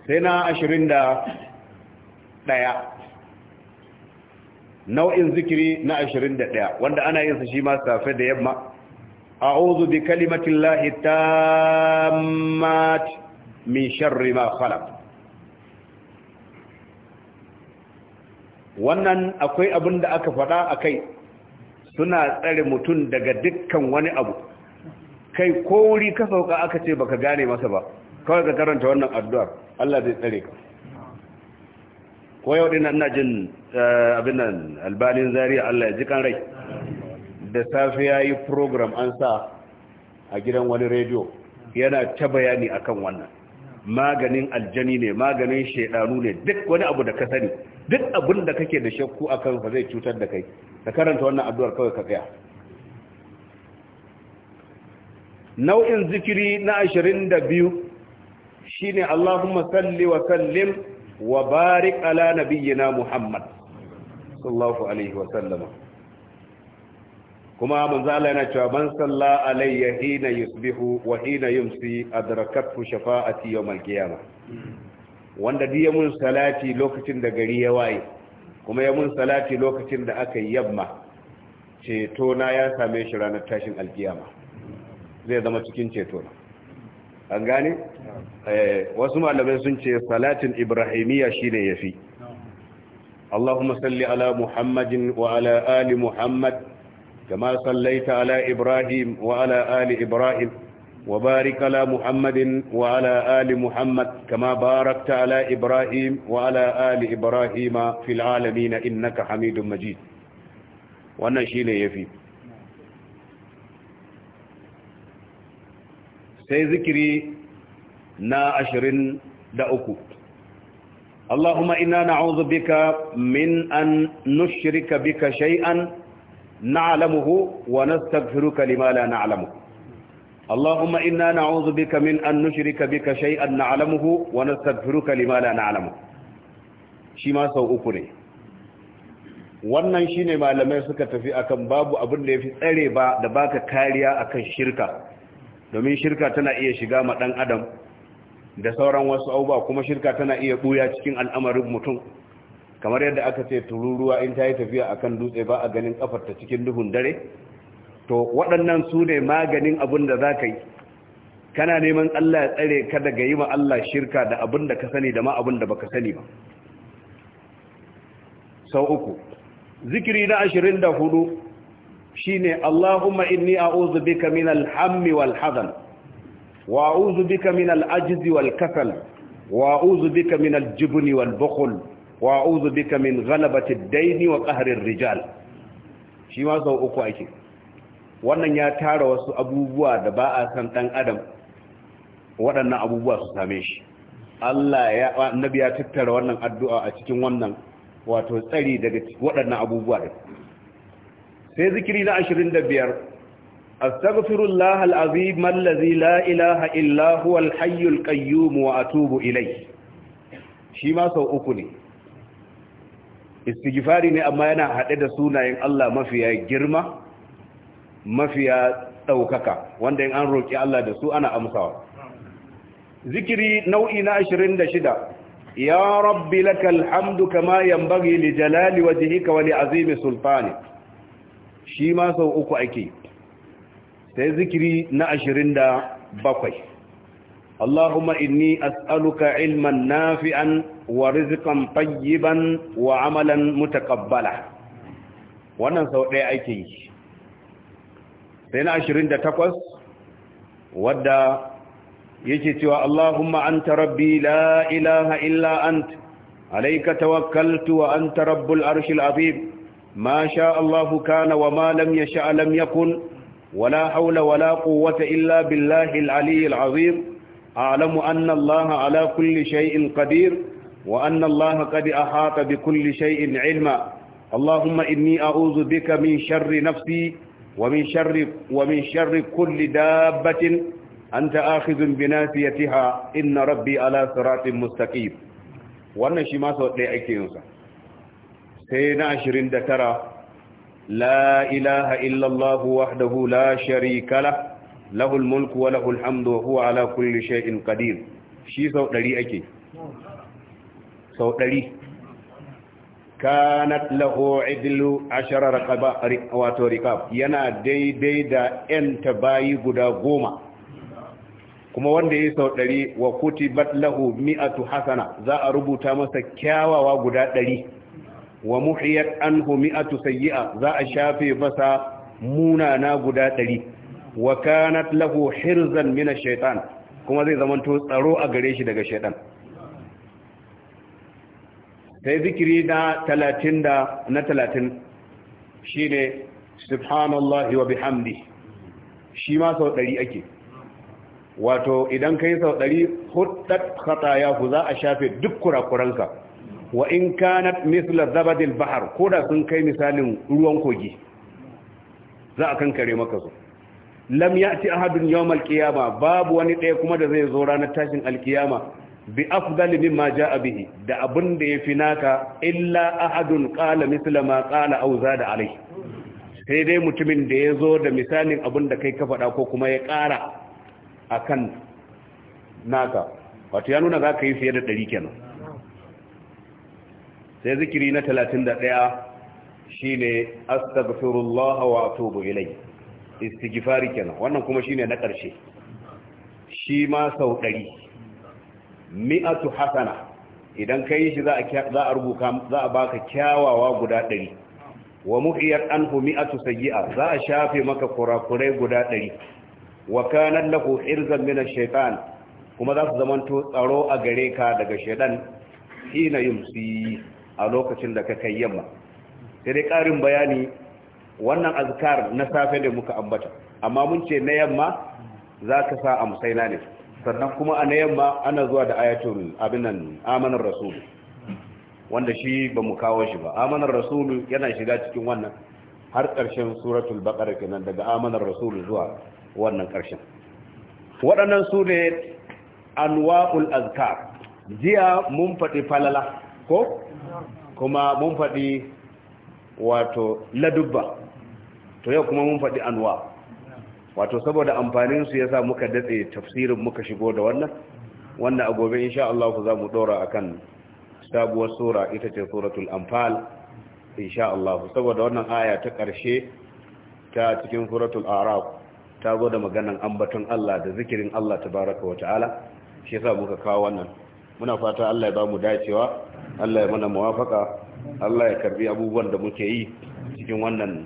A: sai na ashirin da ɗaya nau'in zikiri na ashirin da ɗaya wanda ana yin sa shi ma safe da yamma a'udhu bi kalimatillahi tammat min sharri ma khalaq wannan akwai abin da aka faɗa a kai suna tsare mutum daga dukkan wani abu kai ko wuri ka sauka aka ce baka gane masa ba kawai ka karanta wannan addu'ar Allah zai tsare ka ko yau dinan ina jin eh, abin nan albanin zaria Allah ya ji kan rai da safe yayi yi program an sa a gidan wani rediyo yana ta bayani akan wannan maganin aljani ne maganin shaidanu ne duk wani abu da ka sani duk abin da kake da shakku a kansa zai cutar da kai ka karanta wannan addu'ar kawai ka tsaya nau'in zikiri na ashirin da shine Allahumma salli wa sallim wa barik ala nabiyyina Muhammad sallallahu alaihi wa sallama kuma manzo Allah yana cewa man salla alayya hina yusbihu wa hina yumsi adrakathu shafa'ati yawm al-qiyamah wanda diya mun salati lokacin da gari ya waye kuma ya mun salati lokacin da aka yamma ceto na ya same shi ranar tashin alkiyama zai zama cikin ceto na an gane eh, wasu malamai sun ce salatin ibrahimiyya shine yafi Allahumma salli ala Muhammadin wa ala ali Muhammad كما صليت على إبراهيم وعلى آل إبراهيم وبارك على محمد وعلى آل محمد كما باركت على إبراهيم وعلى آل إبراهيم في العالمين إنك حميد مجيد wannan shi ne ya fi sai zikiri na ashirin da uku Allahumma ina na'udhu bika min an nushrika bika shay'an نعلمه ونستغفرك لما لا نعلمه اللهم إنا نعوذ بك من أن نشرك بك شيئا نعلمه ونستغفرك لما لا نعلمه شما سوء أكري wannan shine malamai suka tafi akan babu abin da yafi tsare ba da baka kariya akan shirka domin shirka tana iya shiga ma dan adam da sauran wasu abubuwa kuma shirka tana iya buya cikin al'amarin mutum kamar yadda aka ce tururuwa in ta yi tafiya a kan dutse ba a ganin kafarta cikin duhun dare to waɗannan su ne maganin abin da za ka yi kana neman allah ya tsare ka daga yi ma allah shirka da abin da ka sani da ma abin da baka sani ba sau uku zikiri na ashirin da hudu shi ne allahumma inni uzu bika min alhammi wal hazan wa uzu bika min al'ajizi wal kasal wa uzu bika min aljibni wal bukhul wa uzu bika min ghalabati ad-dayn wa qahri ar-rijal shi ma sau uku ake wannan ya tara wasu abubuwa da ba a san dan adam waɗannan abubuwa su same shi Allah ya annabi ya tattara wannan addu'a a cikin wannan wato tsari daga waɗannan abubuwa da sai zikiri na 25 astaghfirullah al-azim allazi la ilaha illa huwa al-hayyul qayyum wa atubu ilayhi shi ma sau uku ne istighfari ne amma yana haɗe da sunayen Allah mafiya girma mafiya ɗaukaka wanda in an roƙi Allah da su ana amsawa zikiri nau'i na 26 ya rabbi lakal hamdu kama yanbaghi li jalali wajhika wa li azimi sultani shi ma sau uku ake sai zikiri na 27 اللهم إني wa rizikan نافعا ورزقا طيبا وعملا متقبلا wannan sau ɗaya ake yi sai na ashirin da takwas wadda yake cewa Allahumma anta rabbi la ilaha illa anta alayka tawakkaltu wa anta rabbul arshil azim Masha sha Allahu kana wa ma lam yasha lam yakun wala hawla wala quwwata illa billahi al azim أعلم أن الله على كل شيء قدير وأن الله قد أحاط بكل شيء علما اللهم إني أعوذ بك من شر نفسي ومن شر, ومن شر كل دابة أنت آخذ بناسيتها إن ربي على صراط مستقيم وأن شما سوى لأيكينسا سينا عشرين دترى لا إله إلا الله وحده لا شريك له lahul mulku wa lahul hamdu wa huwa ala kulli shay'in qadir shi sau ɗari ake sau ɗari kanat lahu idlu ashara raqaba wato riqab yana daidai da yan bayi guda goma kuma wanda ya sau ɗari wa kutibat lahu mi'atu hasana za a rubuta masa kyawawa guda ɗari wa muhiyat anhu mi'atu sayyi'a za a shafe masa munana guda ɗari wa kanat lahu hirzan min ash-shaytan kuma zai zamanto tsaro a gare shi daga shaytan sai zikiri na 30 da na 30 shine subhanallahi wa bihamdi shi ma sau 100 ake wato idan kai sau 100 huddat khatayahu za a shafe duk kurakuranka wa in kanat mithla zabadil bahr koda sun kai misalin ruwan kogi za a kankare maka su lam ya'ti ahadun yawmal qiyama babu wani ɗaya kuma da zai zo ranar tashin alkiyama bi afdali mimma jaa bihi da abin da ya yafi naka illa ahadun qala mithla ma qala aw zada alai sai dai mutumin da ya zo da misalin abin da kai ka faɗa ko kuma ya ƙara akan naka wato ya nuna za yi fiye da ɗari kenan sai zikiri na talatin da ɗaya shine astaghfirullah wa atubu ilayhi istighfari kenan wannan kuma shine na ƙarshe shi ma sau ɗari mi'atu hasana idan ka shi za a rubuta za a baka kyawawa guda ɗari wa muhiyar anhu mi'atu Sayyi'a za a shafe maka kurakurai guda ɗari
B: wa kana lahu irzan min ash-shaytan kuma za su zamanto tsaro a gare ka daga shaytan
A: hina yumsi a lokacin da ka kai yamma sai dai ƙarin bayani wannan azkar na safe ne muka ambata amma mun ce na yamma za ka sa a musaina ne sannan kuma a na yamma ana zuwa da ayatul abinan amanar rasul wanda shi ba mu kawo shi ba amanar rasul yana shiga cikin wannan har ƙarshen suratul baqara kenan daga amanar rasul zuwa wannan ƙarshen waɗannan su ne anwa'ul azkar jiya mun faɗi falala ko kuma mun faɗi wato ladubba to yau kuma mun faɗi anwa wato saboda amfanin su yasa muka datse tafsirin muka shigo da wannan wannan a gobe insha Allah ku za mu dora akan sabuwar sura ita ce suratul anfal insha Allah saboda wannan aya ta ƙarshe ta cikin suratul araf ta zo da maganan ambaton Allah da zikirin Allah tabaraka wa ta'ala shi yasa muka kawo wannan muna fata Allah ya ba mu dacewa Allah ya mana muwafaka Allah ya karbi abubuwan da muke yi cikin wannan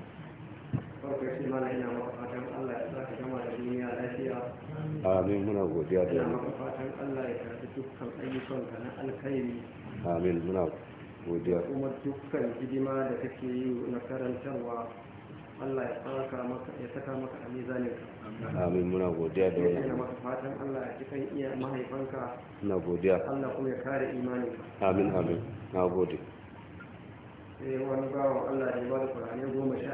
C: farko da duniya
A: amin muna godiya da ina ya karbi amin muna godiya
C: kuma dukkan hidima da kake yi na karantarwa Allah ya saka maka ya saka maka a mizanin amin muna godiya da wannan ina maka fatan Allah ya cikan iya mahaifanka na godiya Allah kuma ya kare imaninka
A: amin amin na gode
C: sai eh, wani bawan Allah ya ba da Qur'ani goma sha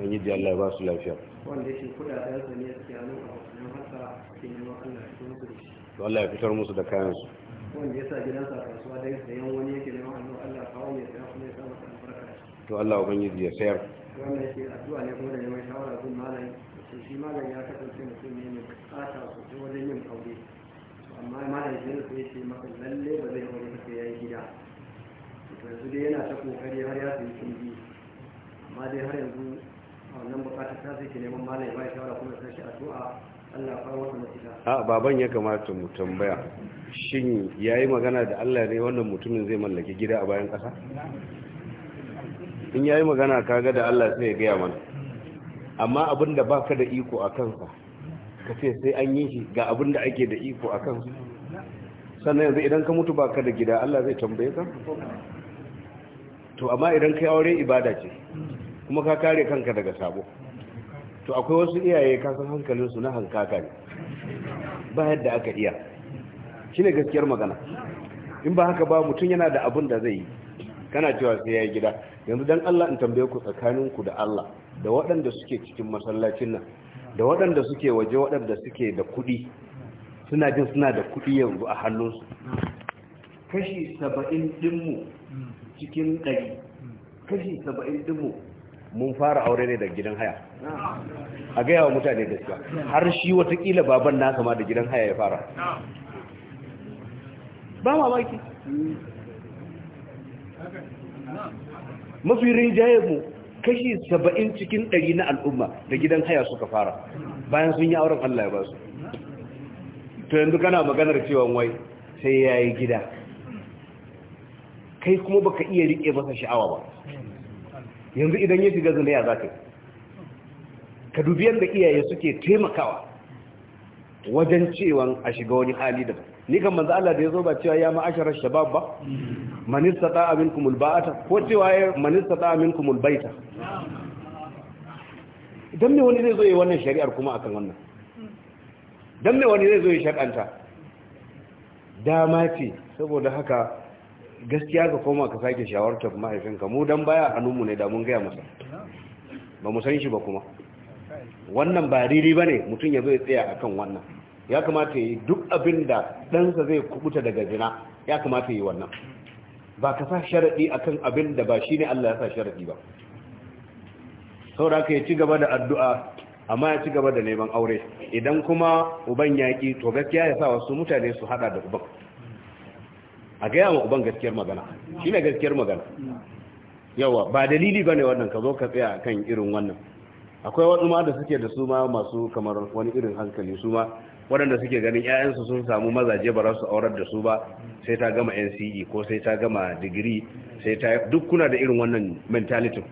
A: don yi Allah ya ba su lafiya
C: wanda shi kudaden su ne suke a a wasu haka ke neman Allah ya
A: da Allah ya fitar musu da kayan su
C: wanda ya sa gidansa kasuwa dai sayan wani yake neman Allah Allah kawo ya saya kuma ya sa masa albarka
A: to Allah ubangiji ya sayar
C: wannan shi addu'a ne kuma da neman shawara kun malam to shi ya kasance mutum ne mai sosai wajen yin aure amma malam shi ne sai ce maka lalle ba zai aure ka yayi gida yanzu dai yana ta kokari har ya sayi kin amma dai har yanzu wannan bukatar ta ke neman malam ya bai shawara kuma sai shi addu'a Allah ya
A: fara a baban ya kamata mu tambaya shin yayi magana da Allah ne wannan mutumin zai mallaki gida a bayan kasa in yayi magana kaga da Allah sai ya gaya mana amma abin da baka da iko a kansa ka ce sai an yi shi ga abin da ake da iko a kansa sannan yanzu idan ka mutu baka da gida Allah zai tambaye ka to amma idan kai aure ibada ce kuma ka kare kanka daga sabo to akwai wasu iyaye kasan hankalinsu na hankaka ne ba yadda aka iya shi ne gaskiyar magana in ba haka ba mutum yana da abun da zai yi kana cewa sai ya yi gida yanzu dan allah in tambaye ku tsakaninku da allah da waɗanda suke cikin masallacin nan da waɗanda suke waje waɗanda suke da kuɗi suna jin suna da kuɗi yanzu a hannunsu kashi saba'in dinmu cikin ɗari kashi saba'in dinmu mun fara aure ne da gidan haya a gaya wa mutane gaskiya har shi watakila baban na kama da gidan haya ya fara ba mamaki mafi rinjaye mu kashi saba'in cikin ɗari na al'umma da gidan haya suka fara bayan sun yi auren Allah ya ba su to yanzu kana maganar cewa wai sai ya yi gida kai kuma baka iya riƙe masa sha'awa ba yanzu idan ya shiga zina ya za ka yi ka dubi yadda iyaye suke taimakawa wajen cewa a shiga wani hali da ni kan manzo Allah da yazo ba cewa ya ma'asharar shabab ba man istata'a minkum alba'ata ko cewa ya man istata'a minkum albayta dan me wani zai zo yi wannan shari'ar kuma akan wannan dan me wani zai zo yi shakanta dama ce saboda haka gaskiya ka koma ka sake shawartar mahaifinka mu dan baya hannunmu ne da mun gaya masa ba mu san shi ba kuma wannan ba riri ba ne mutum ya zo tsaya a kan wannan ya kamata yi duk abin da ɗansa zai kubuta daga zina ya kamata yi wannan ba ka sa sharaɗi a kan abin da ba shi ne Allah ya sa sharaɗi ba saboda ka ya ci gaba da addu'a amma ya ci gaba da neman aure idan kuma uban yaƙi to gaskiya ya sa wasu mutane su haɗa da uban a gaya ma uban gaskiyar magana shi ne gaskiyar magana yawa ba dalili ba ne wannan ka zo ka tsaya kan irin wannan akwai wasu ma da suke da su ma masu kamar wani irin hankali su ma waɗanda suke ganin 'ya'yansu sun samu mazaje ba za su aurar da su ba sai ta gama nce ko sai ta gama digiri sai ta duk kuna da irin wannan mentality.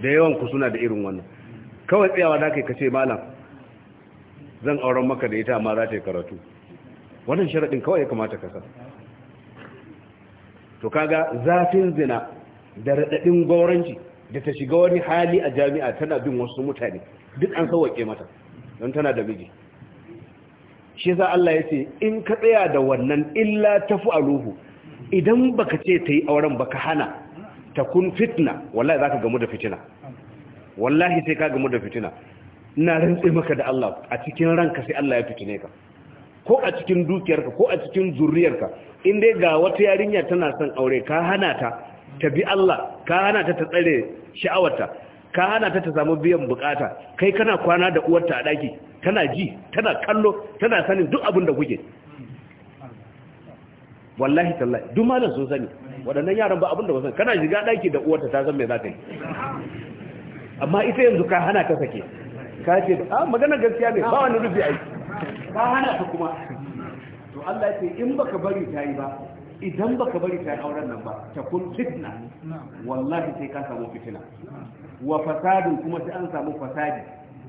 A: da yawan ku suna da irin wannan kawai tsayawa da kai kace malam zan auren maka da ita amma za ta yi karatu wannan sharaɗin kawai ya kamata ka sa to kaga zafin zina da raɗaɗin gauranci da ta shiga wani hali a jami'a tana bin wasu mutane duk an sauwaƙe mata don tana da miji shi za Allah ya ce in ka tsaya da wannan illa ta aluhu idan baka ce ta yi auren baka hana ta kun fitna wallahi za ka gamu da fitina wallahi sai ka gamu da fitina na rantse maka da Allah a cikin ranka sai Allah ya fitine ka ko a cikin dukiyarka ko a cikin zuriyarka in dai ga wata yarinya tana son aure ka hana ta ta bi Allah ka hana ta ta tsare sha'awarta ka hana ta ta samu biyan bukata kai kana kwana da uwarta a daki tana ji tana kallo tana sanin duk abin da kuke wallahi tallahi duk malam sun sani waɗannan yaran ba abin da ba san kana shiga daki da uwarta ta san me za ta yi amma ita yanzu ka hana ta sake ka ce a ah, magana gaskiya ne ba wani rufi aiki ka hana ta kuma to Allah ya ce in baka bari ta yi ba idan baka bari ta yi auren nan ba ta kun fitna wallahi sai ka samu fitina wa fasadin kuma sai an samu fasadi